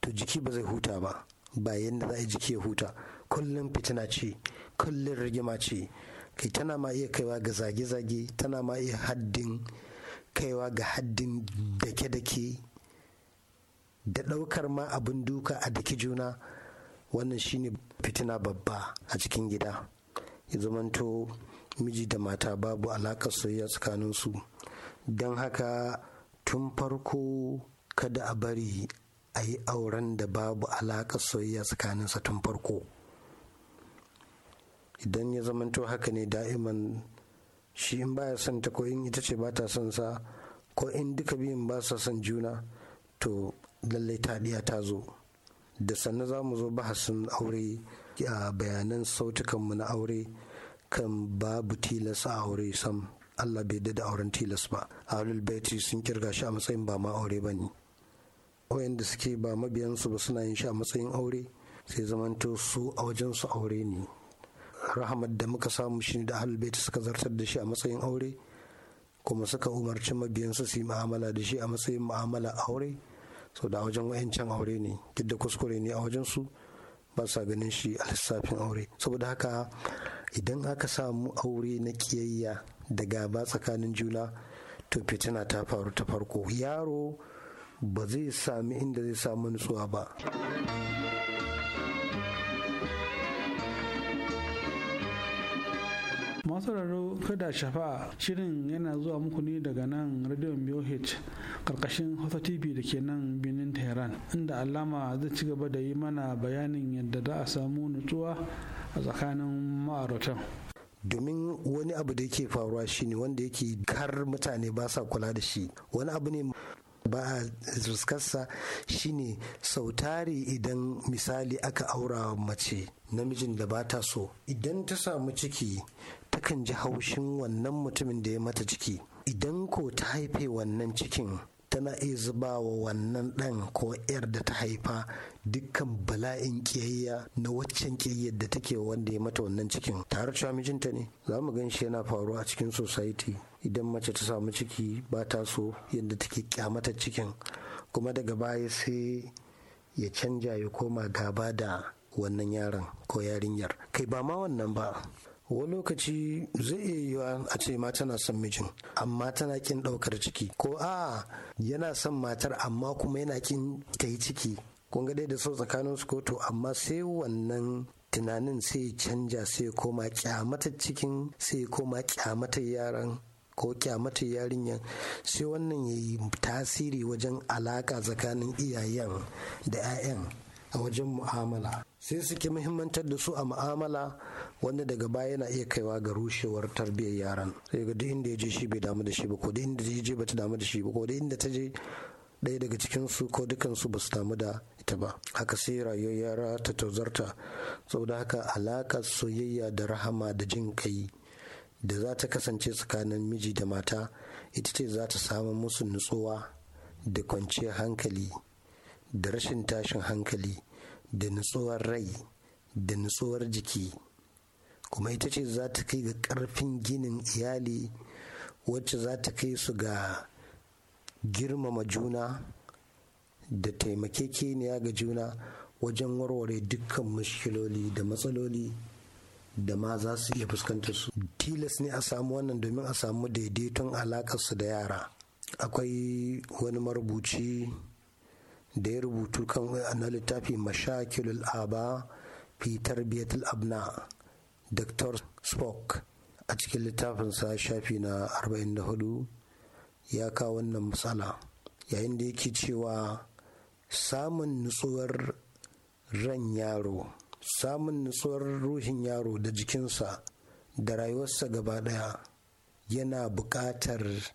to jiki ba zai huta ba ba yadda za a jiki ya huta kullum fitina ce kullum rigima ce kai tana ma iya kaiwa ga zage-zage tana ma iya haddin kaiwa ga haddin dake-dake da ɗaukar ma abin duka a daki juna wannan shine fitina babba a cikin gida ya zamanto miji da mata babu alaƙar soyayya su don haka tun farko kada a bari a yi auren da babu alaka soyayya tsakaninsa tun farko idan ya zamanto haka ne da'iman shi in baya son ta ko in ita ce ba ta son sa ko in duka biyun ba sa son juna to lallai ta ta zo da sannan za mu zo bahasin aure a bayanan sautukanmu na aure kan babu tilas a aure sam Allah bai dada auren tilas ba ahlul baiti sun kirga shi a matsayin ba ma aure ba ne wayanda suke ba mabiyansu ba suna yin shi a matsayin aure sai zamanto su a wajen su aure ne rahamar da muka samu shi da ahlul baiti suka zartar da shi a matsayin aure kuma suka umarci mabiyansu su yi mu'amala da shi a matsayin mu'amala aure sau da wajen wayancan aure ne duk da kuskure ne a wajen su ba sa ganin shi a lissafin aure saboda haka idan aka samu aure na kiyayya da gaba tsakanin juna to fitina ta faru ta farko yaro ba zai sami inda zai samu nutsuwa ba masu raro kada shafa shirin yana zuwa muku ne daga nan radio BOH karkashin Hausa TV da ke nan binin Tehran inda alama zai ci gaba da yi mana bayanin yadda za a samu nutsuwa a tsakanin ma'auratan. domin wani abu da yake faruwa shine wanda yake kar mutane ba sa kula da shi wani abu ne ba a riskarsa shine sautari idan misali aka aura mace namijin da ba ta so idan ta samu ciki takan ji haushin wannan mutumin da ya mata ciki idan ko ta haife wannan cikin tana iya zuba wa wannan ɗan ko 'yar da ta haifa dukkan bala'in kiyayya na waccan kiyayyar da take wanda ya mata wannan cikin tare cewa mijinta ne za mu gan shi yana faruwa a cikin society idan mace ta samu ciki ba ta so yadda take kyamatar cikin kuma daga baya sai ya canja ya koma gaba da wannan yaron ko yarinyar kai ba ma wannan ba wani lokaci zai iya yiwa a ce ma tana son mijin amma tana kin ɗaukar ciki ko a yana son matar amma kuma yana kin ta yi ciki kun ga dai da so tsakanin su to amma sai wannan tunanin sai canja sai koma kyamata cikin sai koma kyamata yaran ko kyamata yarinyar sai wannan ya yi tasiri wajen alaka tsakanin iyayen da 'ya'yan a wajen mu'amala sai suke muhimmantar da su a mu'amala wanda daga baya yana iya kaiwa ga rushewar tarbiyyar yaran sai ga duk inda ya je shi bai damu da shi ba ko duk inda ya je bata damu da shi ba ko duk inda ta je ɗaya daga cikin su ko dukan su basu damu da ita ba haka sai rayuwar yara ta tozarta saboda haka alaƙar soyayya da rahama da jin kai da za ta kasance tsakanin miji da mata ita ce za ta samu musu nutsuwa da kwanciyar hankali da rashin tashin hankali da nutsuwar rai da nutsuwar jiki kuma ita ce za ta kai ga ƙarfin ginin iyali wacce za ta kai su ga girmama juna da taimakekeniya ga juna wajen warware dukkan mushkiloli da matsaloli da ma za su iya fuskantar su tilas ne a samu wannan domin a samu daidaiton su da yara akwai wani marubuci da ya rubutu kan na littafi mashakilul aba fi tarbiyatul abna dr spock a cikin littafinsa shafi na 44 ya kawo wannan matsala yayin da yake cewa samun nutsuwar ran yaro samun nutsuwar ruhin yaro da jikinsa da rayuwarsa gaba ɗaya yana buƙatar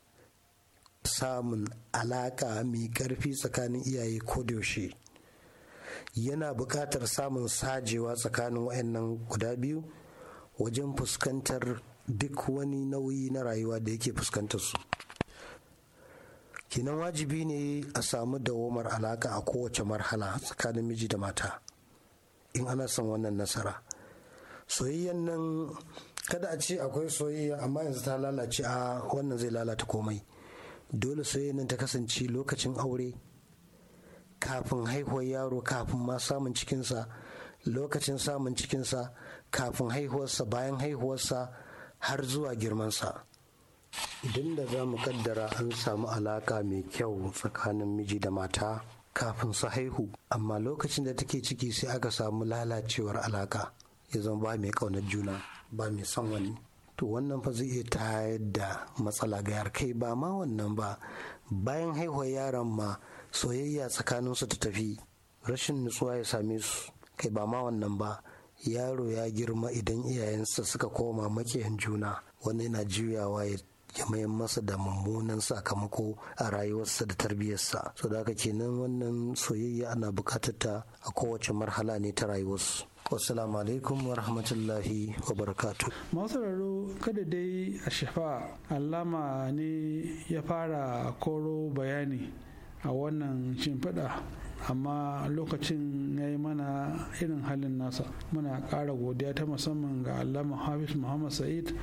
samun alaƙa mai ƙarfi tsakanin iyaye ko yaushe yana buƙatar samun sajewa tsakanin wayannan guda biyu wajen fuskantar duk wani nauyi na rayuwa da yake fuskantar su kinan wajibi ne a samu dawamar alaka a kowace marhala tsakanin miji da mata in ana son wannan nasara soyayyan nan kada a ce akwai soyayya amma yanzu ta lalace a wannan zai lalata komai dole soyayyen nan ta kasance lokacin aure kafin haihuwar yaro kafin ma samun cikinsa lokacin samun cikinsa kafin haihuwarsa bayan haihuwarsa har zuwa girmansa idan da za mu kaddara an samu alaka mai kyau tsakanin miji da mata kafin su haihu amma lokacin da take ciki sai aka samu lalacewar alaka ya zama ba mai ƙaunar juna ba mai son wani to wannan fa zai iya tayar da matsala ga yar kai ba ma wannan ba bayan haihuwar yaron ma soyayya tsakaninsu ta tafi rashin nutsuwa ya same su kai ba ma wannan ba yaro ya girma idan iyayensa suka koma makiyan juna wani yana juyawa ya jamayin masa da mummunan sakamako a rayuwarsa da tarbiyyarsa so da ke kenan wannan soyayya ana bukatar ta a kowace marhala ne ta rayuwarsu wasalamu alaikum wa rahmatullahi wa barakatu masu raro kada dai a shafa allama ne ya fara koro bayani a wannan shimfiɗa amma lokacin ya yi mana irin halin nasa muna ƙara godiya ta musamman ga allama hafiz muhammad sa'id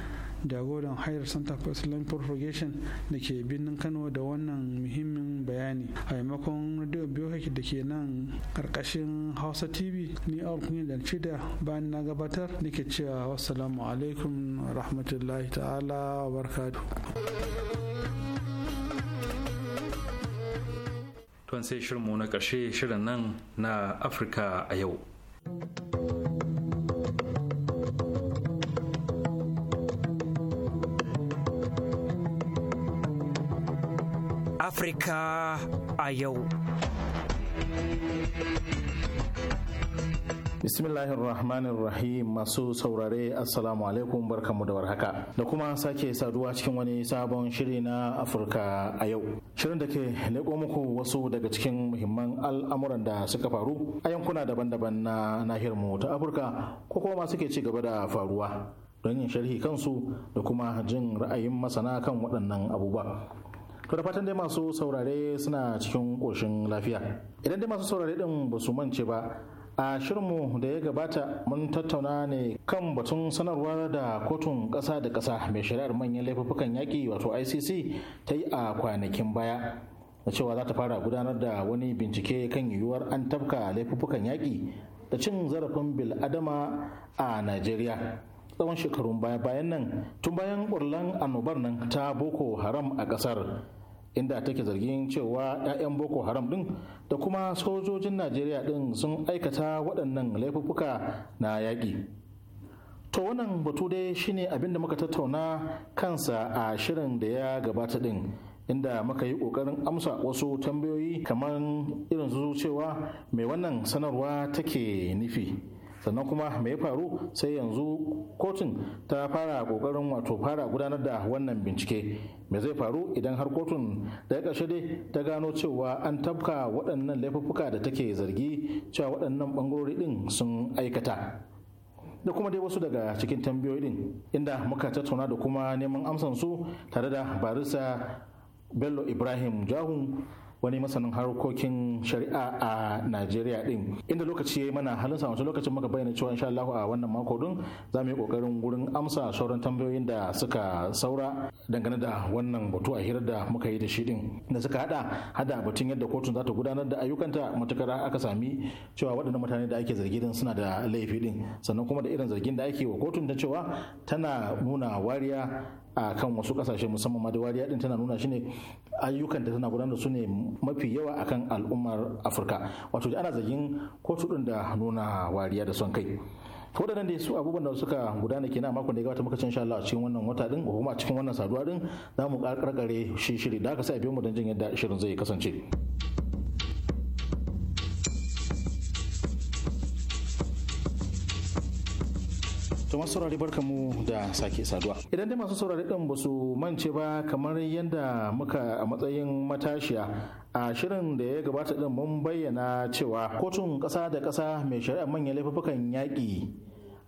jagoran hayar santa for Land propagation da ke birnin kano da wannan muhimmin bayani a maimakon radio biyohaki da ke nan karkashin hausa tv ni a da shida bayan na gabatar nake cewa wassalamu alaikum rahmatullahi ta'ala wa barkatu. kan sai shirinmu na ƙarshe shirin nan na afirka a yau afirka a yau Bismillahir Rahmanir Rahim masu saurare Assalamu alaikum barkamu da warhaka da kuma sake saduwa cikin wani sabon shiri na Afirka a yau. Shirin da ke leƙo muku wasu daga cikin muhimman al'amuran da suka faru a yankuna daban-daban na nahiyar mu ta Afirka ko kuma masu ke ci gaba da faruwa don yin sharhi kansu da kuma jin ra'ayin masana kan waɗannan abubuwa. To da fatan dai masu saurare suna cikin ƙoshin lafiya. Idan dai masu saurare ɗin ba su mance ba a shirmu da ya gabata mun tattauna ne kan batun sanarwar da kotun ƙasa da ƙasa mai shari'ar manyan laifukan yaƙi wato icc ta yi a kwanakin baya da cewa za ta fara gudanar da wani bincike kan yiwuwar an tafka laifukan yaƙi da cin zarafin bil'adama a najeriya tsawon shekarun baya bayan nan tun bayan ƙwallon annobar nan ta boko haram a ƙasar inda take zargin cewa 'ya'yan boko haram din da kuma sojojin najeriya din sun aikata waɗannan laifuffuka na yaƙi to wannan batu dai shine abin da muka tattauna kansa a shirin da ya gabata din inda muka yi ƙoƙarin amsa wasu tambayoyi kamar irin su cewa mai wannan sanarwa take nufi sannan kuma mai faru sai yanzu kotun ta fara kokarin wato fara gudanar da wannan bincike me zai faru idan har kotun da ƙarshe dai ta gano cewa an tabka waɗannan laifuffuka da take zargi cewa waɗannan ɓangarori ɗin sun aikata da kuma dai wasu daga cikin tambayoyi ɗin inda muka tattauna da kuma neman amsansu tare da barisa bello ibrahim jahun wani masanin harkokin shari'a a Najeriya din inda lokaci ya yi mana halin sa wancan lokacin muka bayyana cewa insha Allah a wannan mako din za mu yi kokarin gurin amsa sauran tambayoyin da suka saura dangane da wannan batu a hirar da muka yi da shi din da suka hada hada batun yadda kotun za ta gudanar da ayyukanta matukar aka sami cewa waɗannan mutane da ake zargi din suna da laifi din sannan kuma da irin zargin da ake wa kotun ta cewa tana nuna wariya a kan wasu kasashe musamman ma da wariya din tana nuna shine ayyukan da tana gudanar su ne mafi yawa akan al'ummar afirka wato ana zargin kotu din da nuna wariya da son kai da nan dai su abubuwan da suka gudana kenan mako da ya gabata muka ci insha Allah a cikin wannan wata din kuma a cikin wannan saduwa din za mu karkare shi shiri da aka sai biyo mu don jin yadda shirin zai kasance. to masu saurari barkamu da sake saduwa idan dai masu saurari din ba su mance ba kamar yadda muka a matsayin matashiya a shirin da ya gabata ɗin mun bayyana cewa kotun ƙasa da ƙasa mai shari'a manyan laifukan yaƙi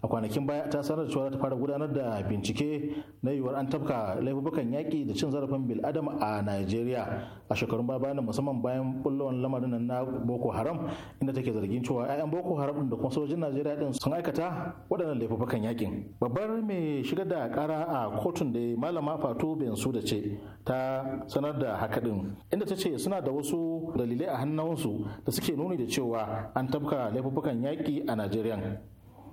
a kwanakin baya ta sanar da cewa ta fara gudanar da bincike na yiwuwar an tabka laifukan yaƙi da cin zarafin bil adam a najeriya a shekarun baya bayan musamman bayan bullowar lamarin nan na boko haram inda take zargin cewa 'ya'yan boko haram da kuma sojojin najeriya din sun aikata waɗannan laifukan yaƙin babbar mai shigar da ƙara a kotun da malama fatu bensu da ce ta sanar da haka din inda ta ce suna da wasu dalilai a hannunsu da suke nuni da cewa an tabka laifukan yaƙi a najeriya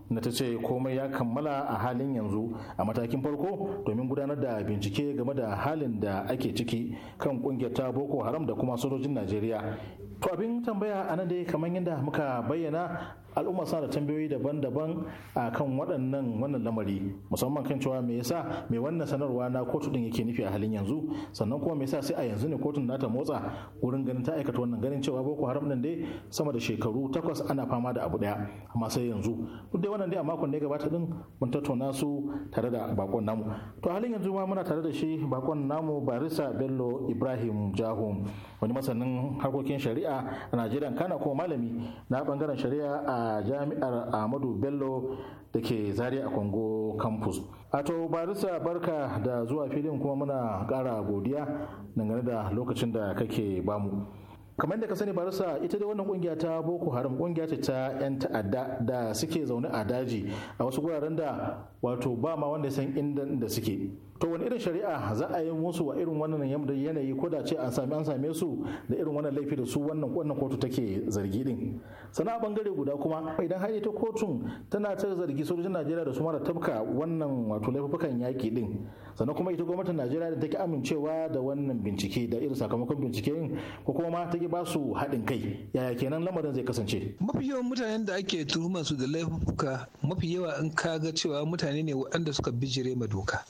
na ta ce komai ya kammala a halin yanzu a matakin farko domin gudanar da bincike game da halin da ake ciki kan kungiyar ta boko haram da kuma sojojin najeriya to abin tambaya a nan dai kamar yadda muka bayyana al'umma suna da tambayoyi daban-daban a kan waɗannan wannan lamari musamman kan cewa me yasa me wannan sanarwa na kotu din yake nufi a halin yanzu sannan kuma me yasa sai a yanzu ne kotun nata motsa wurin ganin ta aikata wannan ganin cewa boko haram din dai sama da shekaru takwas ana fama da abu daya amma sai yanzu duk dai wannan dai a makon da ya gabata din mun tattauna su tare da bakon namu to a halin yanzu ma muna tare da shi bakon namu barisa bello ibrahim jahum wani masanin harkokin shari'a a najeriya kana kuma malami na bangaren shari'a a jami'ar ahmadu bello da ke zaria a congo campus a ato barisa barka da zuwa filin kuma muna kara godiya dangane da lokacin da kake bamu kamar da ka sani barisa ita da wannan kungiya ta boko haram kungiya ce ta 'yan ta'adda da suke zaune a daji a wasu guraren da wato ba ma wanda san inda suke to wani irin shari'a za a yi musu wa irin wannan yanayi ko da ce an sami an same su da irin wannan laifi da su wannan wannan kotu take zargi din sana'a bangare guda kuma idan har ita kotun tana ta zargi sojojin Najeriya da su mara tabka wannan wato laifukan yaki din sannan kuma ita gwamnatin Najeriya da take amincewa da wannan bincike da irin sakamakon binciken ko kuma ma take ba su haɗin kai yaya kenan lamarin zai kasance mafi yawan mutanen da ake tuhumar su da laifuka mafi yawa in ka ga cewa mutane ne waɗanda suka bijire ma doka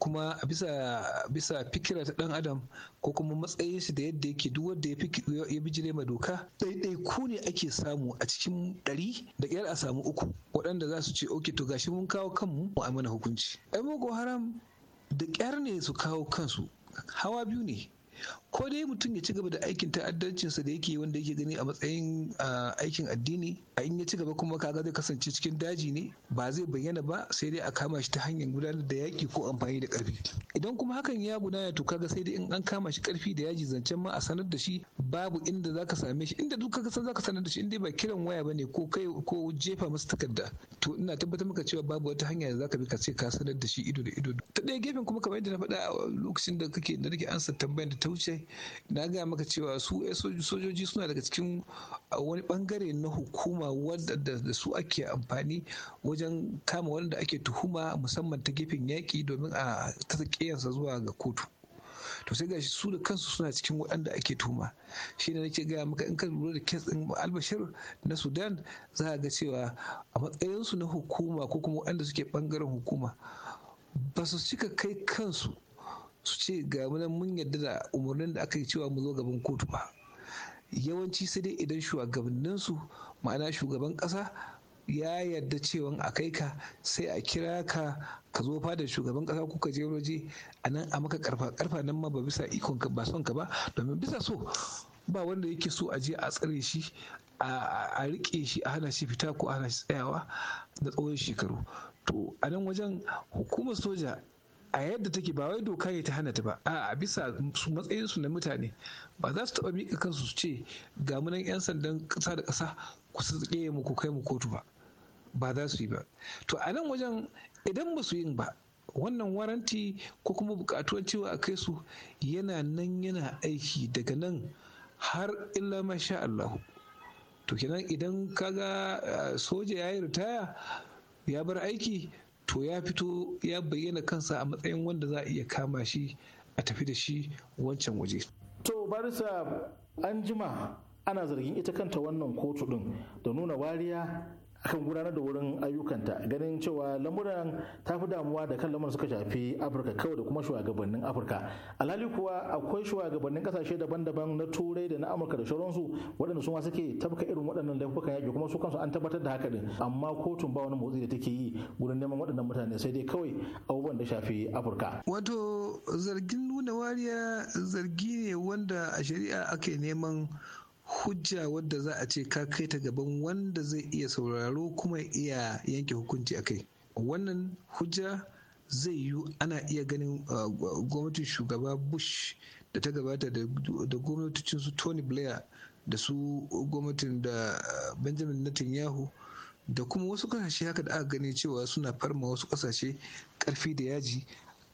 kuma a bisa fikira ta dan adam ko kuma matsayin shi da yadda yake duk wanda ya ya bijire ma doka daidai ku ne ake samu a cikin ɗari da ƙyar a samu uku waɗanda za su ce oke to gashi mun kawo kanmu mu mana hukunci ai boko haram da ƙyar ne su kawo kansu hawa biyu ne ko dai mutum ya ci gaba da aikin ta'addancinsa da yake wanda yake gani a matsayin aikin addini a in ya ci gaba kuma kaga zai kasance cikin daji ne ba zai bayyana ba sai dai a kama shi ta hanyar gudanar da yaki ko amfani da ƙarfi idan kuma hakan ya gudana to kaga sai dai in an kama shi ƙarfi da yaji zancen ma a sanar da shi babu inda zaka same shi inda duk kaga san zaka sanar da shi inda ba kiran waya bane ko kai ko jefa masa takarda to ina tabbatar maka cewa babu wata hanya da zaka bi ka ce ka sanar da shi ido da ido ta ɗaya gefen kuma kamar yadda na faɗa lokacin da kake da nake ansa tambayar da wuce na gaya maka cewa su eh, sojoji suna daga cikin wani bangare na hukuma wadda da su ake amfani wajen kama wanda ake tuhuma musamman ta gefen yaƙi domin a ta zuwa ga kotu to sai gashi su da kansu suna cikin waɗanda ake tuma shi ne nake gaya maka in ka lura da kes ɗin albashir na sudan za a ga cewa a matsayinsu na hukuma ko kuma waɗanda suke ɓangaren hukuma ba su cika kai kansu su ce ga nan mun yarda da umarnin da aka yi cewa mu zo gaban kotu ba yawanci sai dai idan shugabanninsu ma'ana shugaban ƙasa ya yarda cewa a kai ka sai a kira ka ka zo fadar shugaban kasa ko ka je waje a nan a maka karfa karfa nan ma ba bisa ikon ka ba son ka ba domin bisa so ba wanda yake so a je a tsare shi a rike shi a hana shi fita ko a hana shi tsayawa da tsawon shekaru to a nan wajen hukumar soja a yadda take ba wai doka ne ta hana ta ba a bisa matsayin su na mutane ba za su taba miƙa kansu su ce ga munan yan sandan ƙasa da kasa ku su tsaye mu ku kai mu kotu ba ba za su yi ba to a nan wajen idan ba su yin ba wannan waranti ko kuma buƙatuwar cewa a kai su yana nan yana aiki daga nan har illa masha allahu to kenan idan ga eh, soja ya yi ritaya ya bar aiki to ya fito ya bayyana kansa a matsayin wanda za a iya kama shi a tafi da shi wancan waje. To barisa an jima ana zargin ita kanta wannan kotu ɗin da nuna wariya akan gudanar da wurin ayyukanta ganin cewa lamuran ta fi damuwa da kan lamuran suka shafi afirka kawai da kuma shugabannin afirka alhali kuwa akwai shugabannin kasashe daban-daban na turai da na amurka da sauransu waɗanda su suke tabka irin waɗannan laifukan yaƙi kuma su kansu an tabbatar da haka din amma kotun ba wani motsi da take yi wurin neman waɗannan mutane sai dai kawai abubuwan da shafi afirka. wato zargin nuna wariya zargi ne wanda a shari'a ake neman hujja wadda za a ce ka kai ta gaban wanda zai iya sauraro kuma iya yanke hukunci a kai wannan hujja zai yiwu ana iya ganin uh, gwamnatin shugaba bush da ta gabata da gwamnatocin su tony blair da su gwamnatin da uh, benjamin netanyahu da kuma wasu kasashe haka da aka gani cewa suna farma wasu kasashe karfi da yaji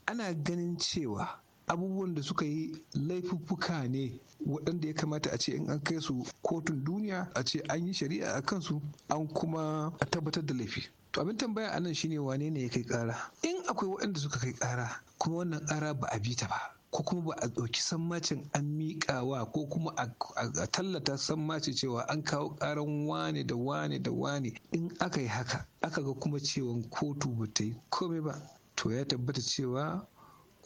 ana ganin cewa abubuwan da suka yi laifuffuka ne waɗanda ya kamata a ce in an kai su kotun duniya a ce an yi shari'a a kansu an kuma tabbatar da laifi to abin tambaya a anan shine wane ne ya kai ƙara in akwai waɗanda suka kai ƙara kuma wannan ƙara ba a bi ta ba ko kuma ba a ɗauki sammacin an miƙawa ko kuma a tallata sammaci cewa an kawo ƙaran wane da wane da wane in aka yi haka aka ga kuma cewa kotu ba ta yi komai ba to ya tabbata cewa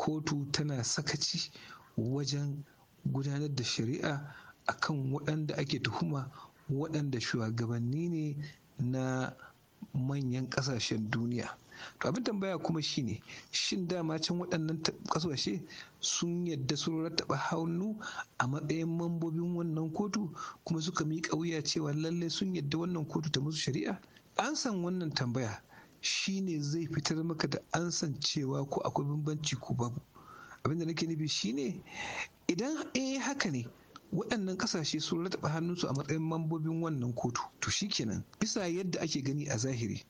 kotu tana sakaci wajen gudanar da shari'a akan waɗanda ake tuhuma waɗanda shugabanni ne na manyan ƙasashen duniya to abin tambaya kuma shine shin dama can waɗannan ƙasashe sun yadda sun rattaba hannu a matsayin mambobin wannan kotu kuma suka miƙa wuya cewa lallai sun yadda wannan kotu ta musu shari'a an san wannan tambaya shine zai fitar maka da ansan cewa ko akwai bambanci ko babu abinda nake nufi shine idan eh haka ne waɗannan ƙasashe sun rataɓa hannunsu a matsayin mambobin wannan kotu to shi shikenan bisa yadda ake gani a zahiri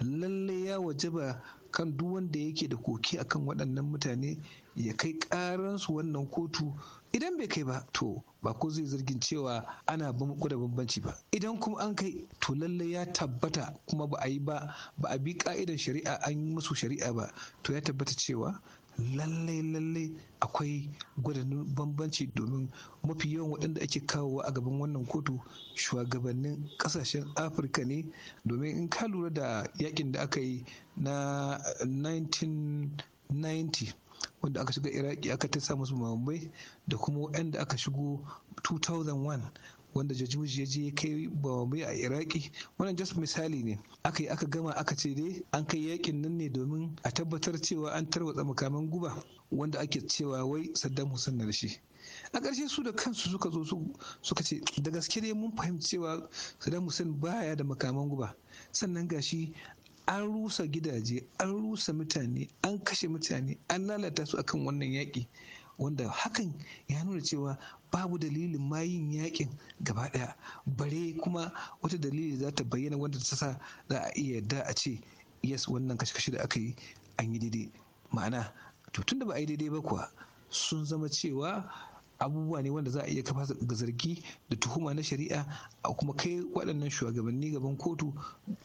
lalle ya wajaba kan duk wanda yake da koke akan waɗannan mutane ya kai ƙaransu wannan kotu idan bai kai ba to ba ko zai zargin cewa ana da bambanci ba idan kuma an kai to lalle ya tabbata kuma ba a yi ba ba a bi ka'idar shari'a an yi musu shari'a ba to ya tabbata cewa lallai-lallai. akwai gwadanin bambanci domin mafi yawan waɗanda ake kawowa a gaban wannan kotu shugabannin ƙasashen afirka ne domin in ka lura da yakin da aka yi na 1990 wanda aka shiga iraki aka ta samu mabambai da kuma waɗanda aka shigo 2001 wanda jajuji ya je kai bambai a iraki wannan just misali ne aka yi aka gama aka ce dai an kai yakin nan ne domin a tabbatar cewa an tarwatsa makaman guba wanda ake cewa wai saddam hussein na da shi a ƙarshe su da kansu suka zo suka ce da gaske dai mun fahimci cewa saddam hussein baya da makaman guba sannan gashi an rusa gidaje an rusa mutane an kashe mutane an lalata su akan wannan yaƙi wanda hakan ya nuna cewa babu dalilin ma yin yakin gaba daya bare kuma wata dalili za ta bayyana wanda ta sa za a iya yarda a ce yes wannan kashe-kashe da aka yi an yi daidai ma'ana to da ba a yi daidai ba kuwa sun zama cewa abubuwa ne wanda za a iya kafa ga zargi da tuhuma na shari'a a kuma kai waɗannan shugabanni gaban kotu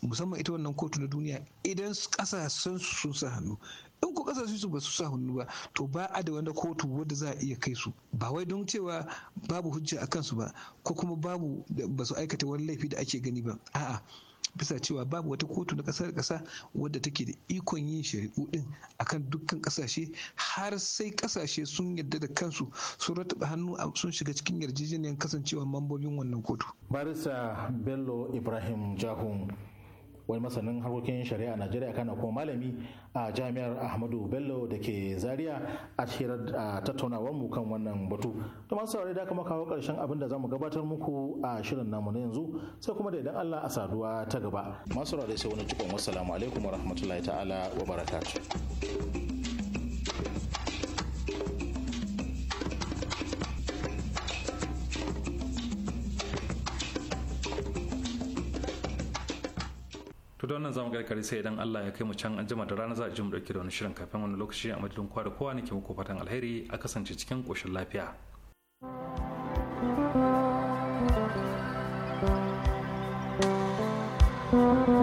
musamman ita wannan kotu na duniya idan ƙasashen su sa hannu in ko ƙasashen su ba su sa hannu ba to ba a da wanda kotu wanda za a iya kai su ba wai don cewa babu hujja a kansu ba ko kuma babu ba su aikata wani laifi da ake gani ba a'a bisa cewa babu wata kotu na ƙasar ƙasa wadda take da ikon yin shari'u din akan dukkan ƙasashe har sai ƙasashe sun yadda da kansu sun rataba hannu sun shiga cikin yarjejeniyar kasancewa mambobin wannan kotu. Barisa Bello Ibrahim Jahun wani masanin harkokin shari'a a najeriya kana kuma malami a jami'ar ahmadu bello da ke zaria a shirar tattaunawar mu kan wannan batu to masu saurari da kuma kawo karshen abin da zamu gabatar muku a shirin namu na yanzu sai kuma da idan allah a saduwa ta gaba masu saurari sai wani cikon wassalamu alaikum rahmatullahi ta'ala wa barakatuh da wannan zamu karkare sai idan Allah ya kai mu can an anjima da rana za a ji mu dauke da wani shirin kafin wani lokaci a madadin kowa da kowa nake muku fatan alheri a kasance cikin koshin lafiya. thank you